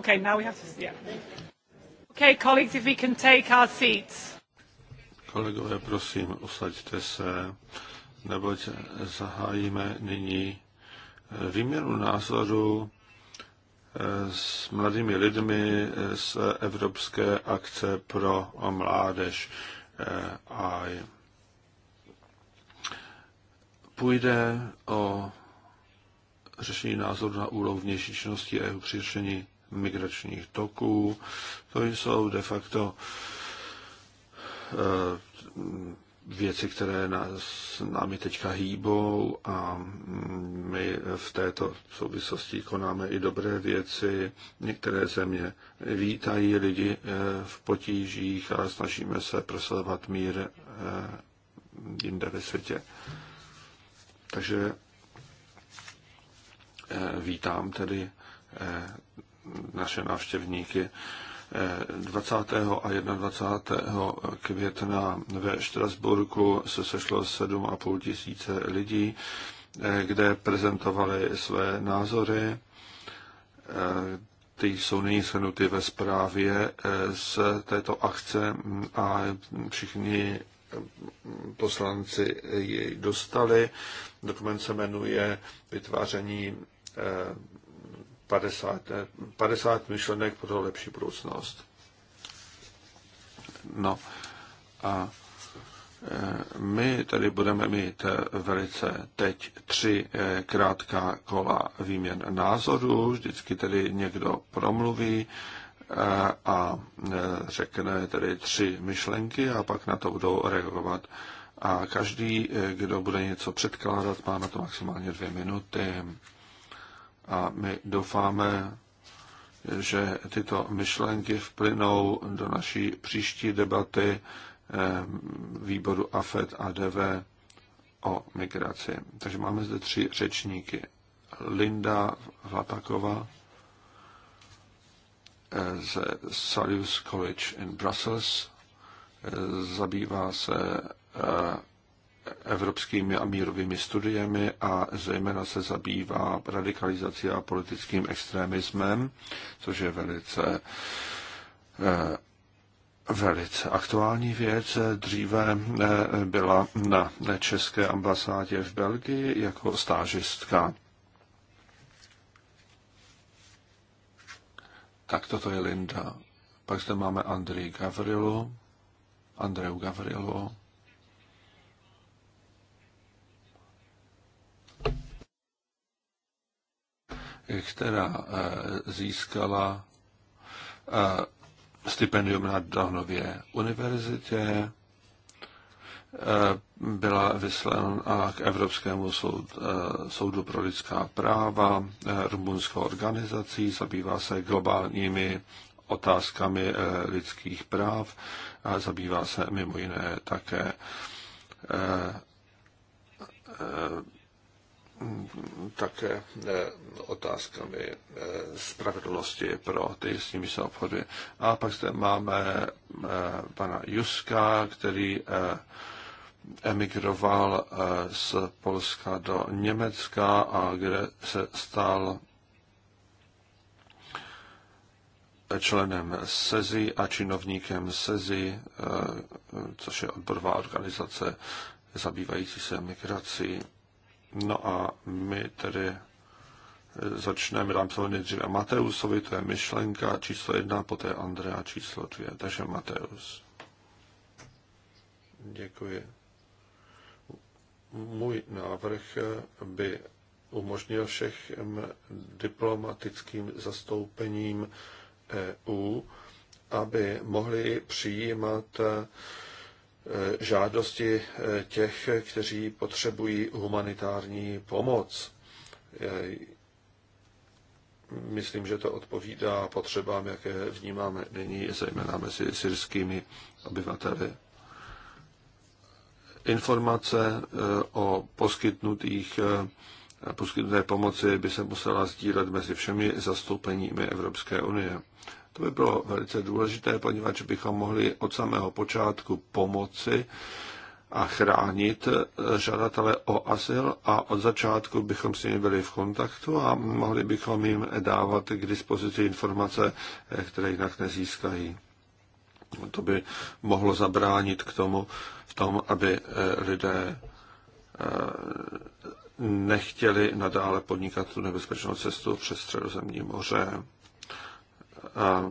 Okay, now we have to, yeah. Okay, colleagues, if we can take our seats. Kolegové, prosím, usaďte se, neboť zahájíme nyní eh, výměnu názoru eh, s mladými lidmi z Evropské akce pro mládež. Eh, a půjde o řešení názoru na úrovni vnější činnosti a jeho přišení migračních toků. To jsou de facto eh, věci, které nás, námi teďka hýbou a my v této souvislosti konáme i dobré věci. Některé země vítají lidi eh, v potížích a snažíme se prosazovat mír eh, jinde ve světě. Takže vítám tedy naše návštěvníky. 20. Eh, a 21. května ve Štrasburku se sešlo 7,5 tisíce lidí, eh, kde prezentovali své názory. Eh, ty jsou nyní shrnuty ve zprávě z této akce a všichni poslanci jej dostali. Dokument se jmenuje Vytváření 50, 50 eh, myšlenek pro lepší budoucnost. No a eh, my tady budeme mít eh, velice teď tři krátká kola výměn názorů. Vždycky tedy někdo promluví a řekne tedy tři myšlenky a pak na to budou reagovat. A každý, kdo bude něco předkládat, má na to maximálně dvě minuty a my doufáme, že tyto myšlenky vplynou do naší příští debaty eh, výboru AFED a e DV o migraci. Takže máme zde tři řečníky. Linda Vlataková eh, z Salius College in Brussels. Eh, zabývá se evropskými a mírovými studiemi a zejména se zabývá radikalizací a politickým extremismem, což je velice eh, velice aktuální věc. Dříve eh, byla na české ambasádě v Belgii jako stážistka. Tak toto je Linda. Pak zde máme Andrej Gavrilu, Andreu Gavrilu, která eh, získala eh, stipendium na Danově univerzitě, eh, byla vyslána k Evropskému soud, soudu pro lidská práva, rumunskou organizací, zabývá se globálními otázkami lidských práv a zabývá se mimo jiné také také eh, otázkami eh, spravedlnosti pro ty, s nimi se obchoduje. A pak zde máme eh, pana Juska, který emigroval z Polska do Německa a kde se stal členem SEZI a činovníkem SEZI, což je odborová organizace zabývající se migrací. No a my tedy eh, začneme, dám se nejdříve Mateusovi, to je myšlenka číslo jedna, poté Andrea číslo dvě. Takže Mateus. Děkuji. Můj návrh eh, by umožnil všem diplomatickým zastoupením EU, aby mohli přijímat eh, Eh, žádosti eh, těch, kteří potřebují humanitární pomoc. Eh, myslím, že to odpovídá potřebám, jaké vnímáme nyní, zejména mezi syrskými obyvateli. Informace o poskytnutých poskytnuté pomoci by se musela sdílet mezi všemi zastoupeními Evropské unie. To by bylo velice důležité, poněvadž bychom mohli od samého počátku pomoci a chránit žadatele o azyl a od začátku bychom s nimi byli v kontaktu a mohli bychom jim dávat k dispozici informace, které jinak nezískají. To by mohlo zabránit k tomu, v tom, aby eh, lidé eh, nechtěli nadále podnikat tu nebezpečnou cestu přes středozemní moře. A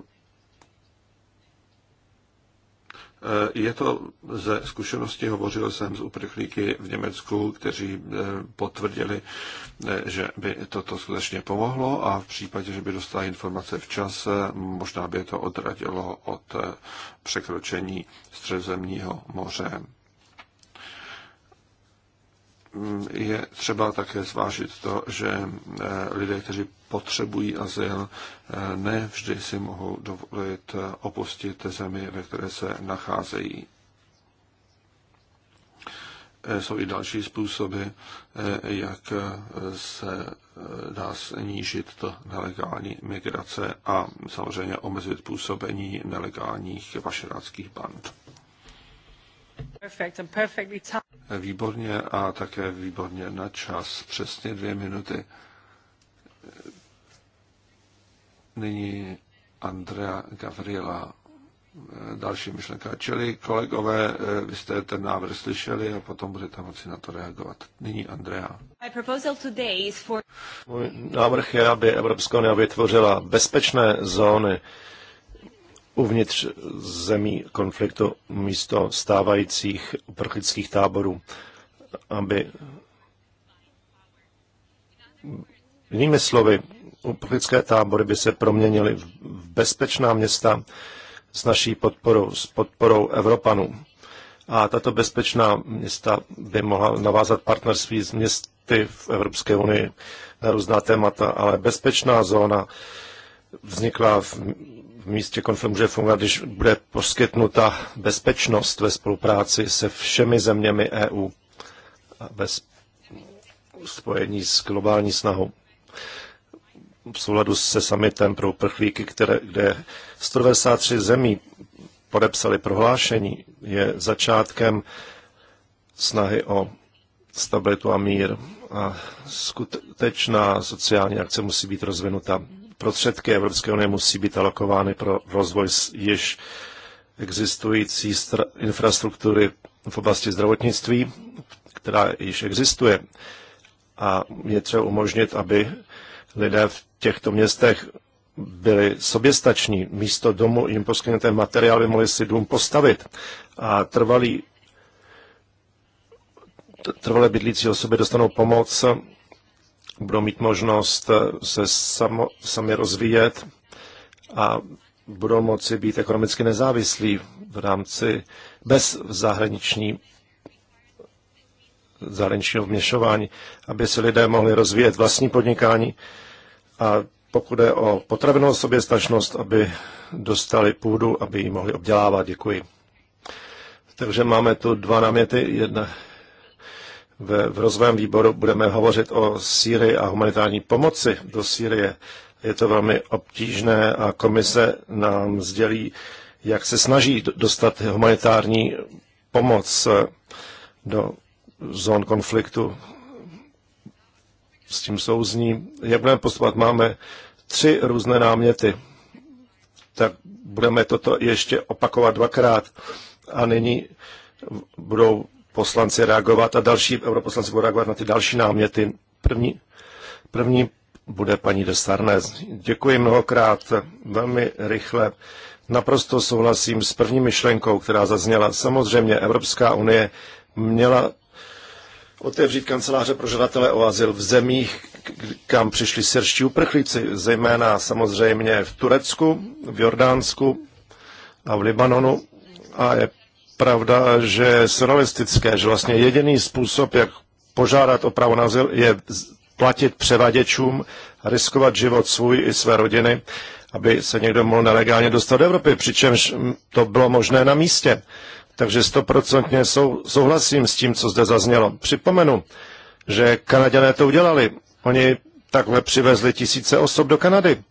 e, je to ze zkušenosti, hovořil jsem s uprchlíky v Německu, kteří e, potvrdili, e, že by toto skutečně pomohlo a v případě, že by dostali informace včas, možná by to odradilo od překročení středozemního moře je třeba také zvážit to, že eh, lidé, kteří potřebují azyl, eh, ne vždy si mohou dovolit eh, opustit zemi, ve které se nacházejí. Jsou i další způsoby, jak se dá snížit to nelegální migrace a samozřejmě omezit působení nelegálních vašeráckých band. Výborně a také výborně na čas, přesně dvě minuty. Nyní Andrea Gavrila, další myšlenka. Čili kolegové, vy jste ten návrh slyšeli a potom budete moci na to reagovat. Nyní Andrea. Můj návrh je, aby Evropská unie vytvořila bezpečné zóny uvnitř zemí konfliktu místo stávajících uprchlických táborů, aby jinými slovy, uprchlické tábory by se proměnily v bezpečná města s naší podporou, s podporou Evropanů. A tato bezpečná města by mohla navázat partnerství s městy v Evropské unii na různá témata, ale bezpečná zóna vznikla v v místě konfliktu může fungovat, když bude poskytnuta bezpečnost ve spolupráci se všemi zeměmi EU ve spojení s globální snahou v souladu se summitem pro uprchlíky, které, kde 193 zemí podepsali prohlášení, je začátkem snahy o stabilitu a mír. A skutečná sociální akce musí být rozvinuta prostředky Evropské unie musí být alokovány pro rozvoj již existující infrastruktury v oblasti zdravotnictví, která již existuje. A je třeba umožnit, aby lidé v těchto městech byli soběstační. Místo domu jim poskytnuté materiály mohli si dům postavit. A trvalý, trvalé bydlící osoby dostanou pomoc budou mít možnost eh, se samo, sami rozvíjet a budou moci být ekonomicky nezávislí v rámci bez zahraniční, zahraničního vměšování, aby si lidé mohli rozvíjet vlastní podnikání a pokud je o potravinovou soběstačnost, aby dostali půdu, aby ji mohli obdělávat. Děkuji. Takže máme tu dva náměty. Jedna v, v rozvojem výboru budeme hovořit o Sýrii a humanitární pomoci do Sýrie. Je to velmi obtížné a komise nám sdělí, jak se snaží dostat humanitární pomoc eh, do zón konfliktu. S tím souzní. Jak budeme postupovat? Máme tři různé náměty. Tak budeme toto ještě opakovat dvakrát. A nyní budou poslanci reagovat a další europoslanci budou reagovat na ty další náměty. První, první bude paní de Sarnes. Děkuji mnohokrát, velmi rychle. Naprosto souhlasím s první myšlenkou, která zazněla. Samozřejmě Evropská unie měla otevřít kanceláře pro žadatele o azyl v zemích, kam přišli syrští uprchlíci, zejména samozřejmě v Turecku, v Jordánsku a v Libanonu. A je pravda, že je surrealistické, že vlastně jediný způsob, jak požádat o právo na azyl, je platit převaděčům, riskovat život svůj i své rodiny, aby se někdo mohl nelegálně dostat do Evropy, přičemž to bylo možné na místě. Takže stoprocentně sou, souhlasím s tím, co zde zaznělo. Připomenu, že Kanaděné to udělali. Oni takhle přivezli tisíce osob do Kanady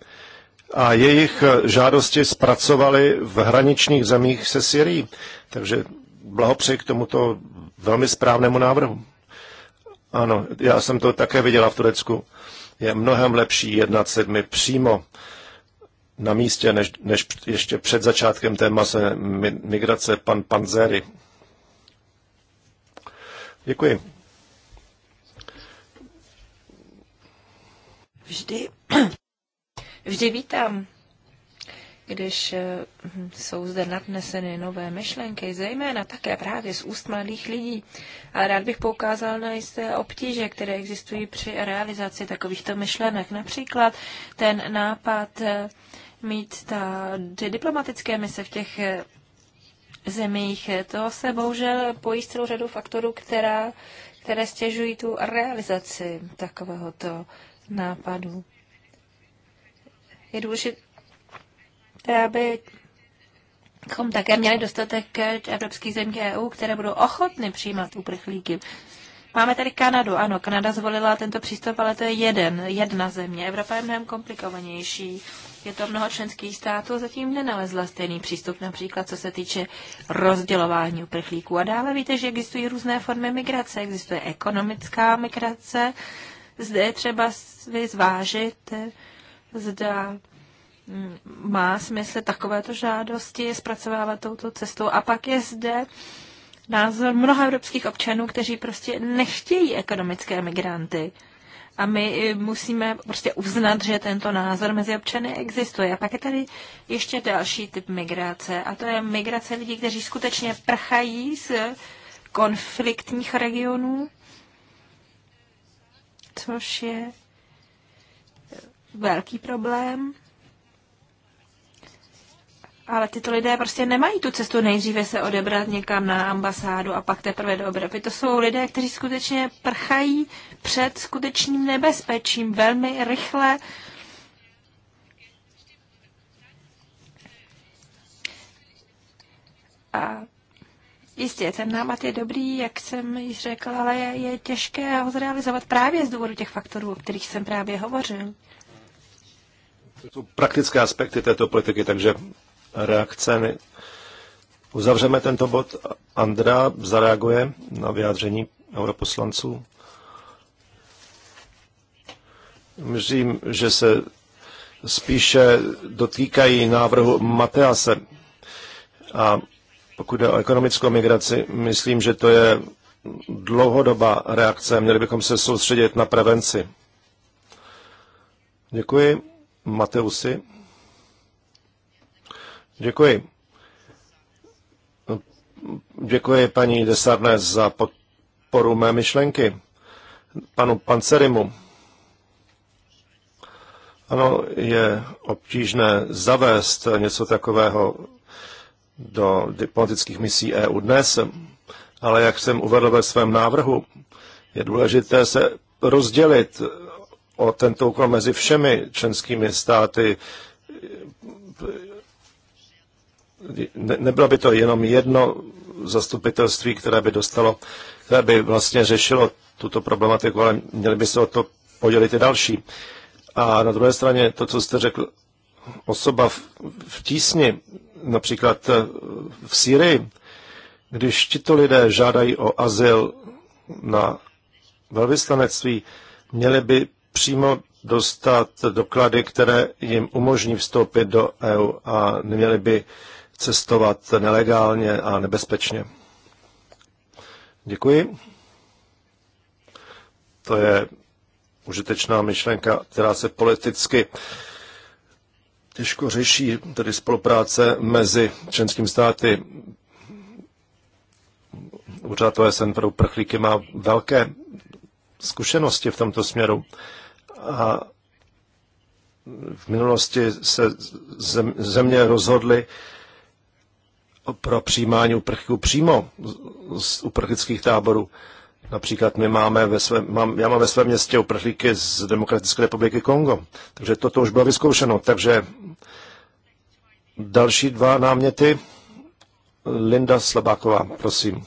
a jejich eh, žádosti zpracovali v hraničních zemích se Syrií. Takže blahopřeji k tomuto velmi správnému návrhu. Ano, já jsem to také viděla v Turecku. Je mnohem lepší jednat se přímo na místě, než, než ještě před začátkem té mase migrace pan Panzery. Děkuji. Vždy Vždy vítám, když eh, jsou zde nadneseny nové myšlenky, zejména také právě z úst mladých lidí. Ale rád bych poukázal na jisté obtíže, které existují při realizaci takovýchto myšlenek. Například ten nápad eh, mít ta, ty diplomatické mise v těch eh, zemích. To se bohužel pojí celou řadu faktorů, která, které stěžují tu realizaci takovéhoto nápadu důležité, aby abychom také měli dostatek evropských zemí EU, které budou ochotny přijímat uprchlíky. Máme tady Kanadu. Ano, Kanada zvolila tento přístup, ale to je jeden, jedna země. Evropa je mnohem komplikovanější. Je to mnoho členských států, zatím nenalezla stejný přístup, například co se týče rozdělování uprchlíků. A dále víte, že existují různé formy migrace. Existuje ekonomická migrace. Zde je třeba zvážit, zda mm, má smysl takovéto žádosti zpracovávat touto cestou. A pak je zde názor mnoha evropských občanů, kteří prostě nechtějí ekonomické migranty. A my eh, musíme prostě uznat, že tento názor mezi občany existuje. A pak je tady ještě další typ migrace, a to je migrace lidí, kteří skutečně prchají z konfliktních regionů, což je velký problém. Ale tyto lidé prostě nemají tu cestu nejdříve se odebrat někam na ambasádu a pak teprve do Evropy. To jsou lidé, kteří skutečně prchají před skutečným nebezpečím velmi rychle. A jistě, ten námat je dobrý, jak jsem již řekl, ale je, je těžké ho zrealizovat právě z důvodu těch faktorů, o kterých jsem právě hovořil jsou praktické aspekty této politiky, takže reakce. Uzavřeme tento bod. Andra zareaguje na vyjádření europoslanců. Myslím, že se spíše dotýkají návrhu Matease. A pokud jde o ekonomickou migraci, myslím, že to je dlouhodobá reakce. Měli bychom se soustředit na prevenci. Děkuji. Mateusi. Děkuji. Děkuji paní Desarné za podporu mé myšlenky. Panu Pancerimu. Ano, je obtížné zavést něco takového do diplomatických misí EU dnes, ale jak jsem uvedl ve svém návrhu, je důležité se rozdělit o tento úkol mezi všemi členskými státy. Nebylo by to jenom jedno zastupitelství, které by dostalo, které by vlastně řešilo tuto problematiku, ale měli by se o to podělit i další. A na druhé straně to, co jste řekl, osoba v, v tísni, například eh, v Syrii, když tito lidé žádají o azyl na velvyslanectví, měli by přímo dostat doklady, které jim umožní vstoupit do EU a neměli by cestovat nelegálně a nebezpečně. Děkuji. To je užitečná myšlenka, která se politicky těžko řeší, tedy spolupráce mezi členským státy. Úřad OSN pro uprchlíky má velké zkušenosti v tomto směru. A v minulosti se země rozhodly pro přijímání uprchlíků přímo z uprchlických táborů. Například my máme ve svém, mám, já mám ve svém městě uprchlíky z Demokratické republiky Kongo. Takže toto už bylo vyzkoušeno. Takže další dva náměty. Linda Slabáková, prosím.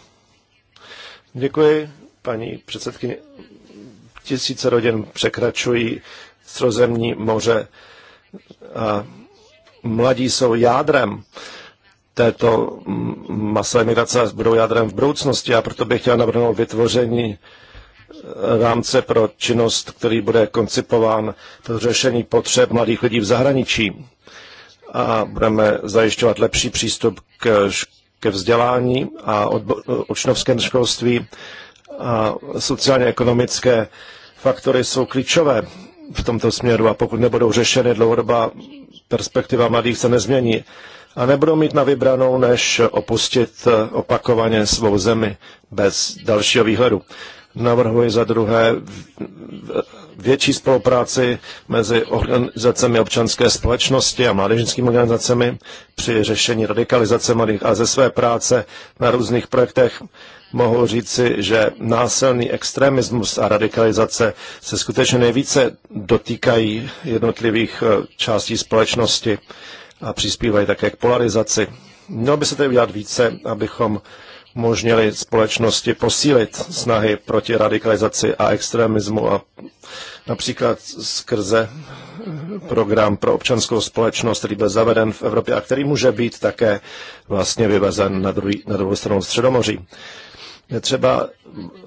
Děkuji, paní předsedkyně. Tisíce rodin překračují srozemní moře a mladí jsou jádrem této masové migrace budou jádrem v budoucnosti a proto bych chtěl navrhnout vytvoření eh, rámce pro činnost, který bude koncipován pro řešení potřeb mladých lidí v zahraničí. A budeme zajišťovat lepší přístup k, ke vzdělání a odbo- eh, učňovském školství a sociálně-ekonomické faktory jsou klíčové v tomto směru a pokud nebudou řešeny dlouhodobá perspektiva mladých se nezmění a nebudou mít na vybranou, než opustit opakovaně svou zemi bez dalšího výhledu. Navrhuji za druhé větší spolupráci mezi organizacemi občanské společnosti a mládežnickými organizacemi při řešení radikalizace mladých a ze své práce na různých projektech mohu říci, že násilný extremismus a radikalizace se skutečně nejvíce dotýkají jednotlivých eh, částí společnosti a přispívají také k polarizaci. Mělo by se tedy udělat více, abychom umožnili společnosti posílit snahy proti radikalizaci a extremismu a například skrze eh, program pro občanskou společnost, který byl zaveden v Evropě a který může být také vlastně vyvezen na, druhý, na druhou stranu Středomoří. Je třeba eh,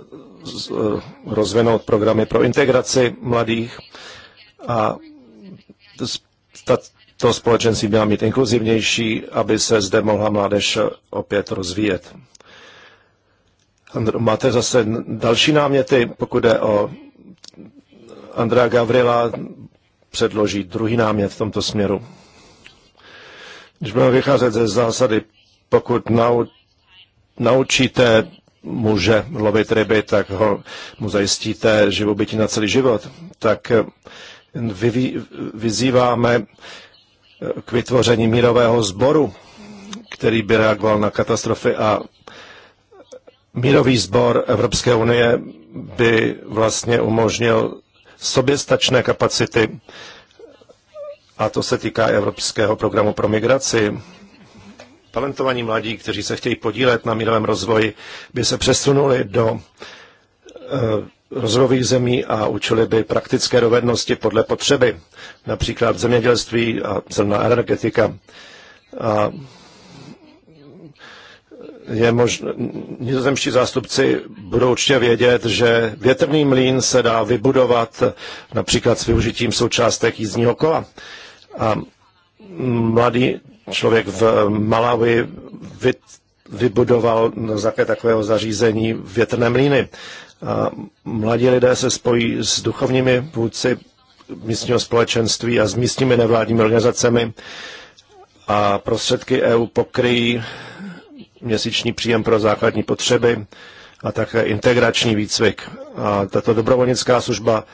rozvinout programy pro integraci mladých a to společenství měla mít inkluzivnější, aby se zde mohla mládež opět rozvíjet. Máte zase další náměty, pokud jde o Andrea Gavrila, předloží druhý námět v tomto směru. Když budeme vycházet ze zásady, pokud naučíte může lovit ryby, tak ho, mu zajistíte živobytí na celý život. Tak eh, vy, vyzýváme eh, k vytvoření mírového sboru, který by reagoval na katastrofy a mírový sbor Evropské unie by vlastně umožnil soběstačné kapacity a to se týká Evropského programu pro migraci talentovaní mladí, kteří se chtějí podílet na mírovém rozvoji, by se přesunuli do eh, rozvojových zemí a učili by praktické dovednosti podle potřeby, například zemědělství a zelená energetika. A je možné, nizozemští zástupci budou určitě vědět, že větrný mlín se dá vybudovat například s využitím součástek jízdního kola. A mladí člověk v Malawi vybudoval na základě takového zařízení větrné mlýny. A mladí lidé se spojí s duchovními vůdci místního společenství a s místními nevládními organizacemi a prostředky EU pokryjí měsíční příjem pro základní potřeby a také integrační výcvik. A tato dobrovolnická služba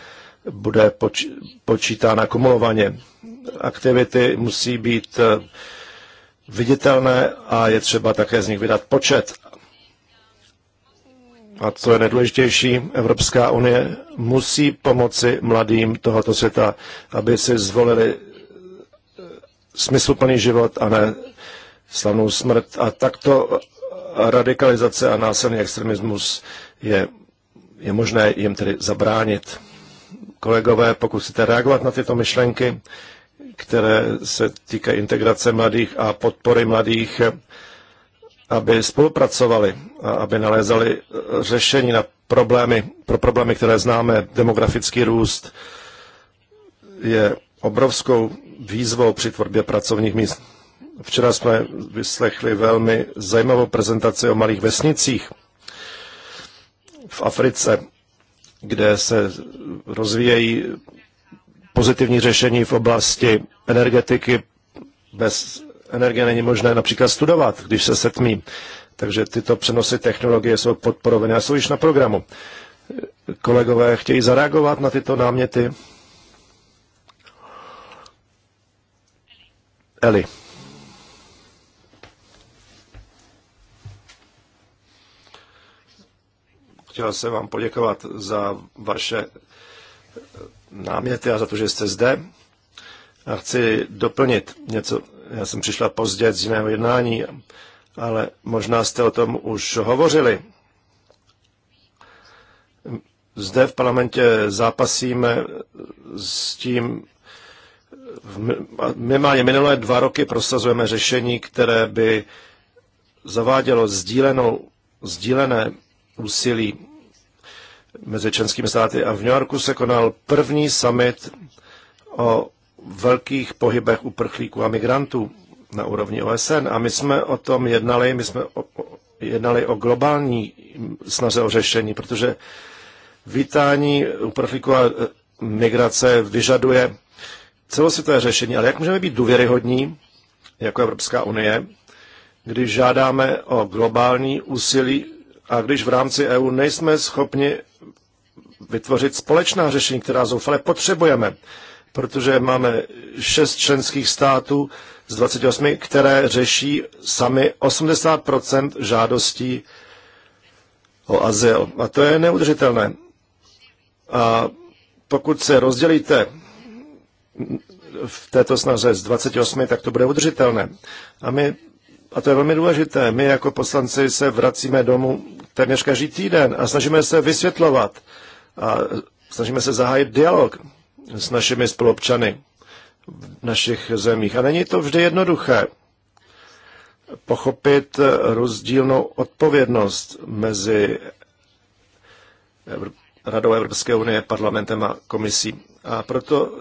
bude poč- počítána kumulovaně. Aktivity musí být uh, viditelné a je třeba také z nich vydat počet. A co je nejdůležitější, Evropská unie musí pomoci mladým tohoto světa, aby si zvolili eh, smysluplný život a ne slavnou smrt. A takto radikalizace a násilný extremismus je, je možné jim tedy zabránit. Kolegové, pokud chcete reagovat na tyto myšlenky, které se týkají integrace mladých a podpory mladých, aby spolupracovali a aby nalézali řešení na problémy, pro problémy, které známe. Demografický růst je obrovskou výzvou při tvorbě pracovních míst. Včera jsme vyslechli velmi zajímavou prezentaci o malých vesnicích v Africe, kde se rozvíjejí pozitivní řešení v oblasti energetiky. Bez energie není možné například studovat, když se setmí. Takže tyto přenosy technologie jsou podporovány a jsou již na programu. Kolegové chtějí zareagovat na tyto náměty. Eli. Chtěl jsem vám poděkovat za vaše náměty a za to, že jste zde. A chci doplnit něco. Já jsem přišla pozdě z jiného jednání, ale možná jste o tom už hovořili. Zde v parlamentě zápasíme s tím, minimálně minulé dva roky prosazujeme řešení, které by zavádělo sdílenou, sdílené úsilí mezi členskými státy a v New Yorku se konal první summit o velkých pohybech uprchlíků a migrantů na úrovni OSN. A my jsme o tom jednali, my jsme o, jednali o globální snaze o řešení, protože vítání uprchlíků a e, migrace vyžaduje celosvětové řešení. Ale jak můžeme být důvěryhodní jako Evropská unie, když žádáme o globální úsilí a když v rámci EU nejsme schopni vytvořit společná řešení, která zoufale potřebujeme, protože máme šest členských států z 28, které řeší sami 80 žádostí o azyl. A to je neudržitelné. A pokud se rozdělíte v této snaze z 28, tak to bude udržitelné. A my, a to je velmi důležité, my jako poslanci se vracíme domů téměř každý týden a snažíme se vysvětlovat a snažíme se zahájit dialog s našimi spolupčany v našich zemích. A není to vždy jednoduché pochopit rozdílnou odpovědnost mezi Radou Evropské unie, parlamentem a komisí. A proto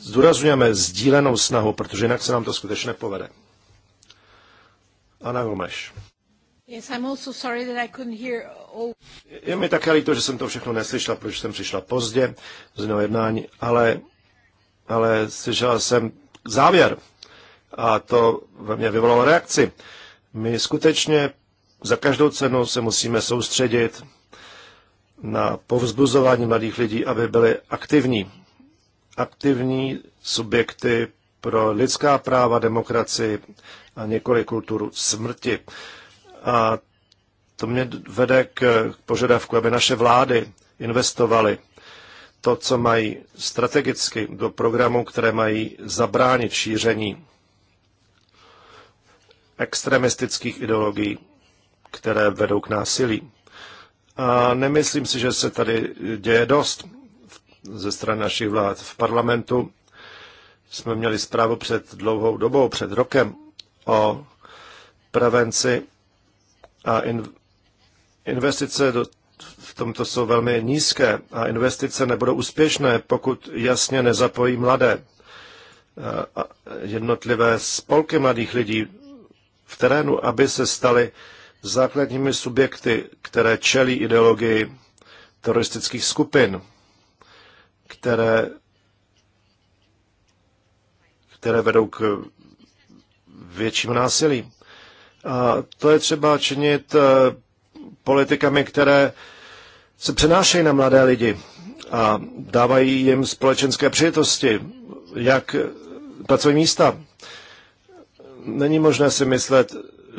zdůrazňujeme sdílenou snahu, protože jinak se nám to skutečně povede. Ana Gomeš. Je mi také líto, že jsem to všechno neslyšela, protože jsem přišla pozdě z jednoho jednání, ale, ale slyšela jsem závěr a to ve mně vyvolalo reakci. My skutečně za každou cenu se musíme soustředit na povzbuzování mladých lidí, aby byli aktivní. Aktivní subjekty pro lidská práva, demokracii a několik kulturu smrti. A to mě vede k požadavku, aby naše vlády investovaly to, co mají strategicky do programů, které mají zabránit šíření extremistických ideologií, které vedou k násilí. A nemyslím si, že se tady děje dost ze strany našich vlád. V parlamentu jsme měli zprávu před dlouhou dobou, před rokem, o prevenci a in, investice do, v tomto jsou velmi nízké a investice nebudou úspěšné, pokud jasně nezapojí mladé a jednotlivé spolky mladých lidí v terénu, aby se staly základními subjekty, které čelí ideologii teroristických skupin, které, které vedou k větším násilím. A to je třeba činit eh, politikami, které se přenášejí na mladé lidi a dávají jim společenské přijetosti, jak pracovní místa. Není možné si myslet,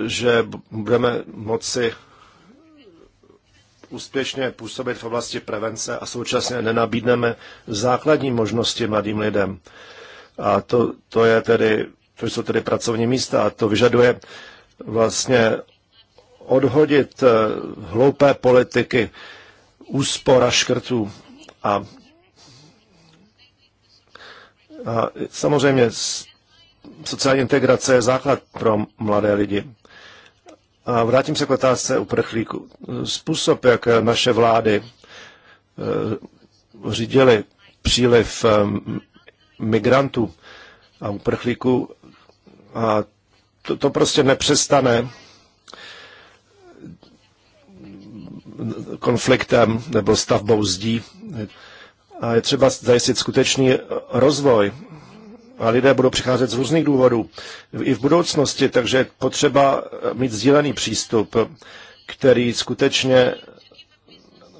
že budeme moci úspěšně působit v oblasti prevence a současně nenabídneme základní možnosti mladým lidem. A to, to, je tedy, to jsou tedy pracovní místa a to vyžaduje vlastně odhodit eh, hloupé politiky úspora škrtů a, a samozřejmě sociální integrace je základ pro mladé lidi. A vrátím se k otázce uprchlíku. Způsob, jak naše vlády eh, řídily příliv eh, migrantů a uprchlíků, a to, to prostě nepřestane konfliktem nebo stavbou zdí. A je třeba zajistit skutečný rozvoj. A lidé budou přicházet z různých důvodů i v budoucnosti, takže je potřeba mít sdílený přístup, který skutečně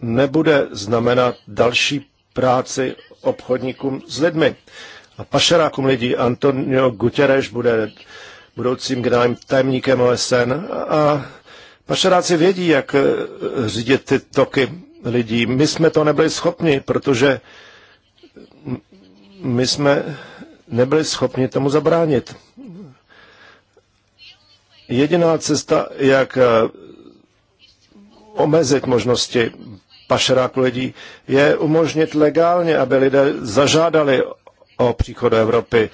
nebude znamenat další práci obchodníkům s lidmi a pašerákům lidí. Antonio Guterres bude budoucím generálním tajemníkem OSN a pašeráci vědí, jak eh, řídit ty toky lidí. My jsme to nebyli schopni, protože my jsme nebyli schopni tomu zabránit. Jediná cesta, jak eh, omezit možnosti pašeráku lidí, je umožnit legálně, aby lidé zažádali o příchod do Evropy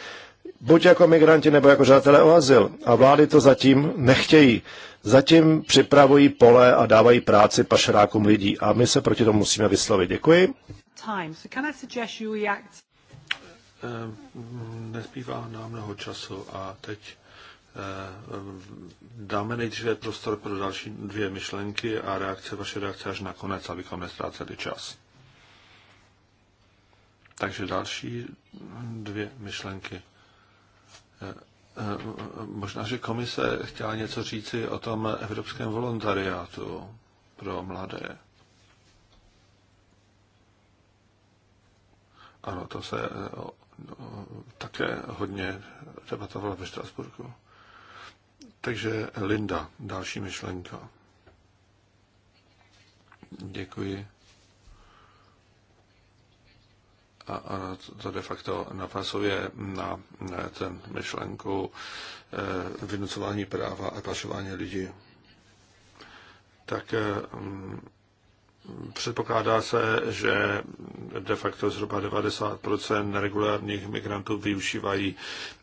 buď jako migranti nebo jako žadatelé o azyl. A vlády to zatím nechtějí. Zatím připravují pole a dávají práci pašerákům lidí. A my se proti tomu musíme vyslovit. Děkuji. Time. So ehm, Nezbývá nám mnoho času a teď ehm, dáme nejdříve prostor pro další dvě myšlenky a reakce, vaše reakce až konec abychom nestráceli čas. Takže další dvě myšlenky. Možná, že komise chtěla něco říci o tom evropském volontariátu pro mladé. Ano, to se také hodně debatovalo ve Štrasburku. Takže Linda, další myšlenka. Děkuji. a, a to de facto napasuje na ten myšlenku eh, vynucování práva a pašování lidí. Tak eh, Předpokládá se, že de facto zhruba 90 regulárních migrantů využívají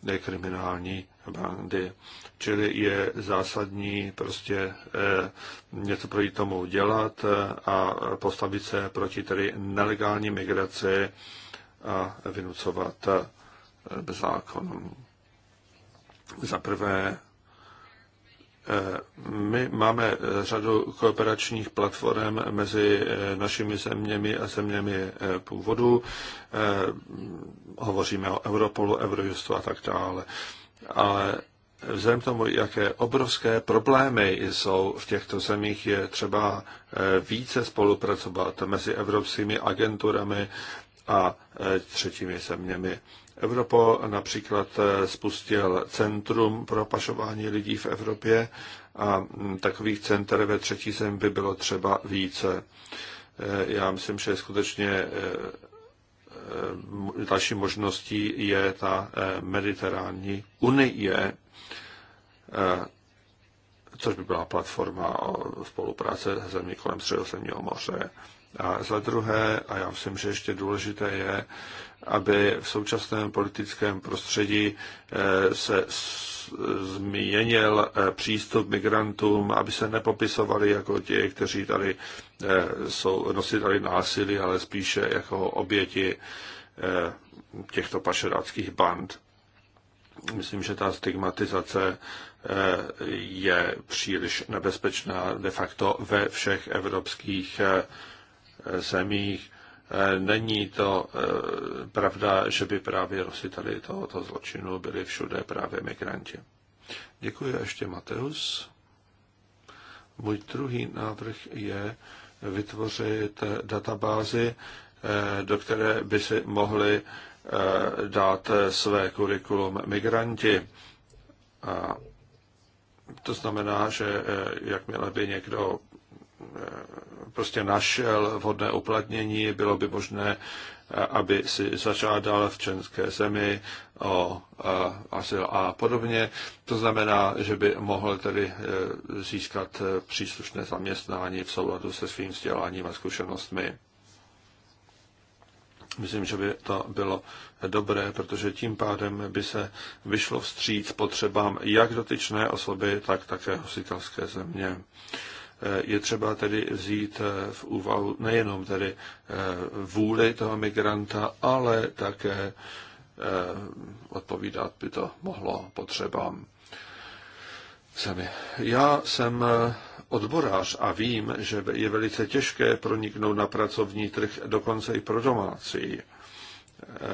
eh, kriminální bandy. Čili je zásadní prostě něco proti tomu dělat a postavit se proti tedy nelegální migraci a vynucovat eh, bez Za prvé, eh, my máme eh, řadu kooperačních platform mezi našimi zeměmi a zeměmi původu. Hovoříme o Europolu, Eurojustu a tak dále. Ale vzhledem tomu, jaké obrovské problémy jsou v těchto zemích, je třeba více spolupracovat mezi evropskými agenturami, a e, třetími zeměmi. Evropo například e, spustil Centrum pro pašování lidí v Evropě a takových center ve třetí zemi by bylo třeba více. E, já myslím, že skutečně další možností je ta mediterální unie, což by byla platforma o spolupráce zemí kolem Středozemního moře. A za druhé, a já myslím, že ještě důležité je, aby v současném politickém prostředí eh, se změnil eh, přístup migrantům, aby se nepopisovali jako ti, kteří tady eh, jsou nositeli násilí, ale spíše jako oběti těchto pašeráckých band. Myslím, že ta stigmatizace je příliš nebezpečná de facto ve všech evropských zemích. Eh, není to eh, pravda, že by právě rositeli tohoto zločinu byli všude právě migranti. Děkuji ještě Mateus. Můj druhý návrh je vytvořit databázy, eh, do které by si mohli dát své kurikulum migranti. A to znamená, že jakmile by někdo prostě našel vhodné uplatnění, bylo by možné, aby si zažádal v členské zemi o azyl a podobně. To znamená, že by mohl tedy e, získat e, příslušné zaměstnání v souladu se svým vzděláním a zkušenostmi. Myslím, že by to bylo dobré, protože tím pádem by se vyšlo vstříc potřebám jak dotyčné osoby, tak také hostitelské země. Eh, je třeba tedy vzít eh, v úvahu nejenom tedy eh, vůli toho migranta, ale také odpovídat by to mohlo potřebám zemi. Já jsem odborář a vím, že je velice těžké proniknout na pracovní trh, dokonce i pro domácí.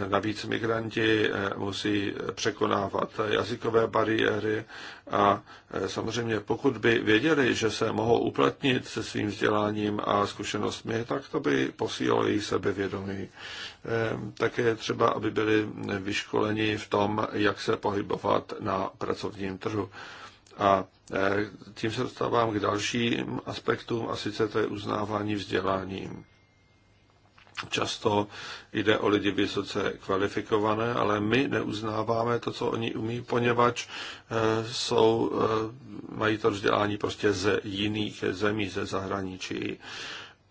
Navíc migranti eh, musí překonávat jazykové bariéry a eh, samozřejmě pokud by věděli, že se mohou uplatnit se svým vzděláním a zkušenostmi, tak to by posílilo jejich sebevědomí. Ehm, také je třeba, aby byli vyškoleni v tom, jak se pohybovat na pracovním trhu. A eh, tím se dostávám k dalším aspektům, a sice to je uznávání vzděláním. Často jde o lidi vysoce kvalifikované, ale my neuznáváme to, co oni umí, poněvadž eh, jsou, eh, mají to vzdělání prostě ze jiných zemí, ze zahraničí.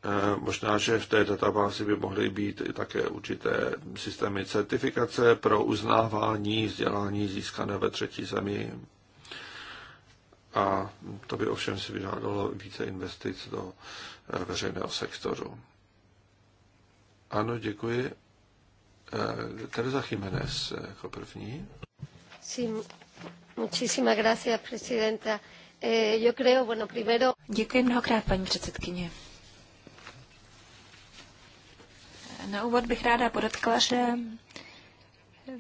Eh, možná, že v té databázi by mohly být také určité systémy certifikace pro uznávání vzdělání získané ve třetí zemi. A to by ovšem si vyžádalo více investic do veřejného sektoru. Ano, děkuji. Eh, Teresa Jiménez jako první. Sí, muchísimas gracias, presidenta. Eh, yo creo, bueno, primero... Děkuji mnohokrát, paní předsedkyně. Na úvod bych ráda podotkla, že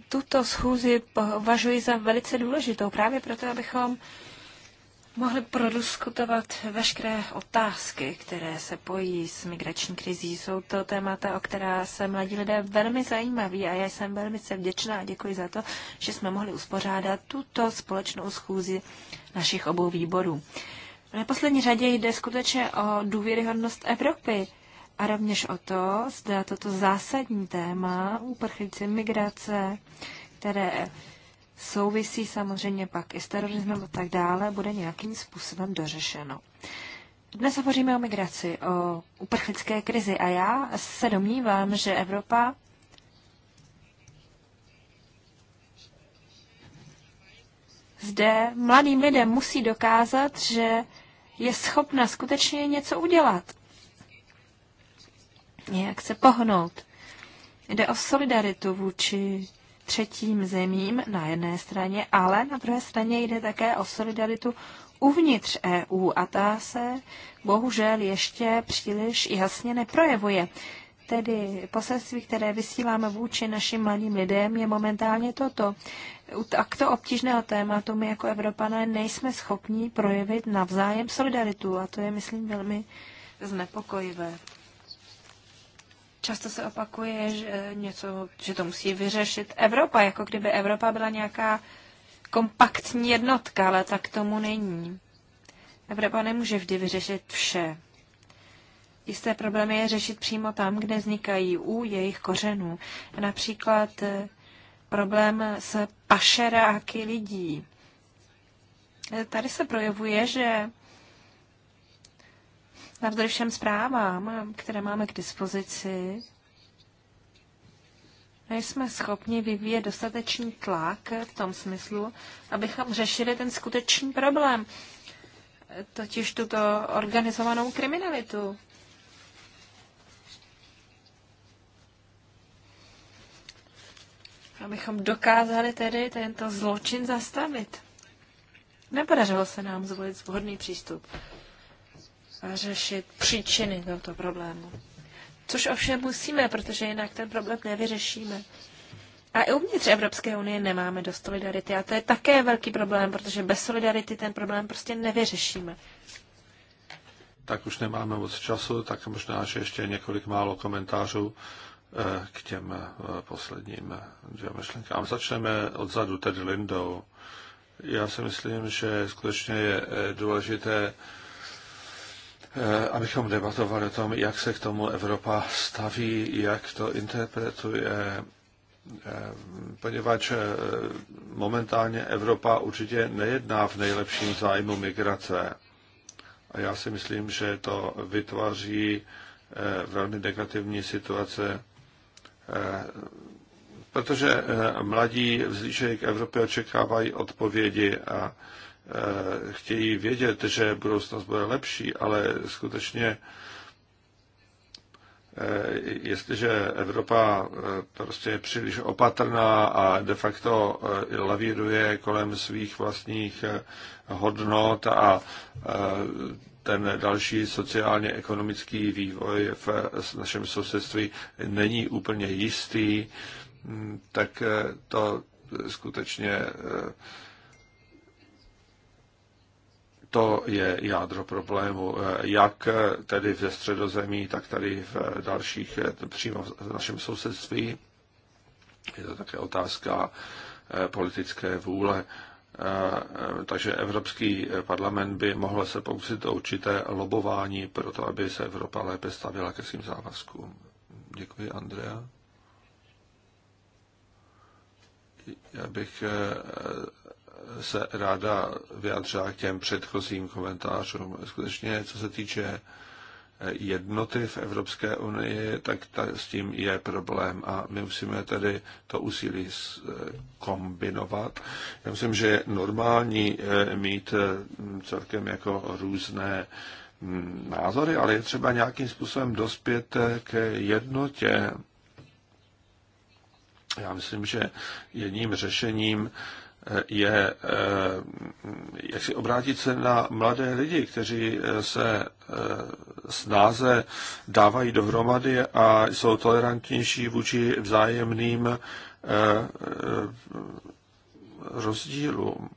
tuto schůzi považuji za velice důležitou právě proto, abychom mohli prodiskutovat veškeré otázky, které se pojí s migrační krizí. Jsou to témata, o která se mladí lidé velmi zajímaví a já jsem velmi se vděčná a děkuji za to, že jsme mohli uspořádat tuto společnou schůzi našich obou výborů. V neposlední řadě jde skutečně o důvěryhodnost Evropy a rovněž o to, zda toto zásadní téma, uprchlíci migrace, které souvisí samozřejmě pak i s terorismem a tak dále, bude nějakým způsobem dořešeno. Dnes hovoříme o migraci, o uprchlické krizi a já se domnívám, že Evropa zde mladým lidem musí dokázat, že je schopna skutečně něco udělat. Nějak se pohnout. Jde o solidaritu vůči třetím zemím na jedné straně, ale na druhé straně jde také o solidaritu uvnitř EU a ta se bohužel ještě příliš jasně neprojevuje. Tedy poselství, které vysíláme vůči našim mladým lidem, je momentálně toto. U takto obtížného tématu my jako Evropané nejsme schopni projevit navzájem solidaritu a to je, myslím, velmi znepokojivé. Často se opakuje, že, eh, něco, že to musí vyřešit Evropa, jako kdyby Evropa byla nějaká kompaktní jednotka, ale tak tomu není. Evropa nemůže vždy vyřešit vše. Jisté problémy je řešit přímo tam, kde vznikají u jejich kořenů. Například eh, problém s pašeráky lidí. Eh, tady se projevuje, že Navzdory všem zprávám, které máme k dispozici, nejsme schopni vyvíjet dostatečný tlak v tom smyslu, abychom řešili ten skutečný problém, totiž tuto organizovanou kriminalitu. Abychom dokázali tedy tento zločin zastavit. Nepodařilo se nám zvolit vhodný přístup řešit příčiny tohoto problému. Což ovšem musíme, protože jinak ten problém nevyřešíme. A i uvnitř Evropské unie nemáme dost solidarity. A to je také velký problém, protože bez solidarity ten problém prostě nevyřešíme. Tak už nemáme moc času, tak možná, že ještě několik málo komentářů eh, k těm eh, posledním dvěma myšlenkám. Začneme odzadu, tedy Lindou. Já si myslím, že skutečně je eh, důležité Eh, abychom debatovali o tom, jak se k tomu Evropa staví, jak to interpretuje, eh, poněvadž eh, momentálně Evropa určitě nejedná v nejlepším zájmu migrace. A já si myslím, že to vytváří velmi negativní situace, protože mladí vzlížejí k Evropě očekávají odpovědi a Eh, chtějí vědět, že budoucnost bude lepší, ale skutečně eh, jestliže Evropa eh, prostě je příliš opatrná a de facto lavíruje kolem svých vlastních hodnot a ten další sociálně-ekonomický vývoj v našem sousedství není úplně jistý, hm, tak to skutečně to je jádro problému, eh, jak eh, tedy ve středozemí, tak tady v eh, dalších, přímo v našem sousedství. Je to také otázka politické vůle. Takže Evropský parlament by mohl se pokusit o určité lobování pro to, aby se Evropa lépe stavila ke svým závazkům. Děkuji, Andrea. Já bych se ráda vyjádřila k těm předchozím komentářům. Skutečně, co se týče jednoty v Evropské unii, tak ta, s tím je problém a my musíme tedy to úsilí kombinovat. Já myslím, že je normální eh, mít eh, celkem jako různé hm, názory, ale je třeba nějakým způsobem dospět eh, k jednotě. Já myslím, že jedním řešením je eh, jak si obrátit se na mladé lidi, kteří eh, se eh, snáze dávají dohromady a jsou tolerantnější vůči vzájemným rozdílům.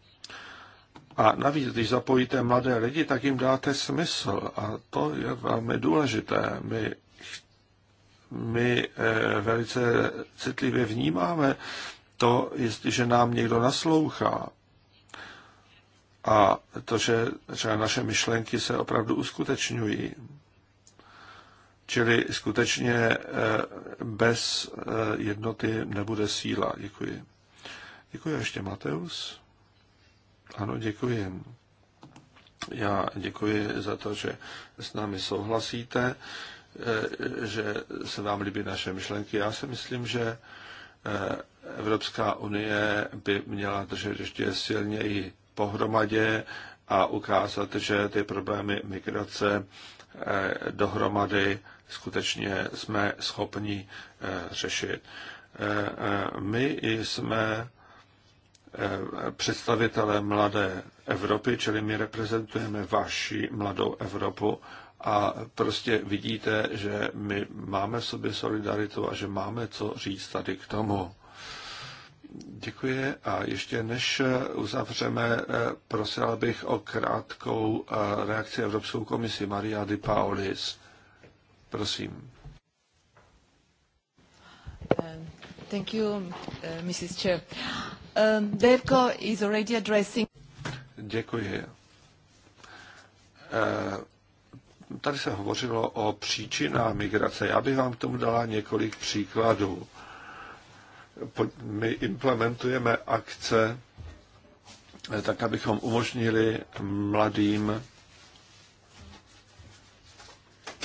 A navíc, když zapojíte mladé lidi, tak jim dáte smysl. A to je velmi důležité. My, my velice citlivě vnímáme, to, jestliže nám někdo naslouchá a to, že třeba naše myšlenky se opravdu uskutečňují, čili skutečně eh, bez eh, jednoty nebude síla. Děkuji. Děkuji ještě Mateus. Ano, děkuji. Já děkuji za to, že s námi souhlasíte, eh, že se vám líbí naše myšlenky. Já si myslím, že Evropská unie by měla držet ještě silněji pohromadě a ukázat, že ty problémy migrace eh, dohromady skutečně jsme schopni eh, řešit. Eh, my jsme představitelé mladé Evropy, čili my reprezentujeme vaši mladou Evropu a prostě vidíte, že my máme v sobě solidaritu a že máme co říct tady k tomu. Děkuji a ještě než uzavřeme, eh, prosila bych o krátkou eh, reakci Evropskou komisi Maria Di Paolis. Prosím. Um, thank you, uh, Mrs. Chair. Um, is already addressing... Děkuji. Eh, tady se hovořilo o příčinách migrace. Já bych vám k tomu dala několik příkladů my implementujeme akce, eh, tak abychom umožnili mladým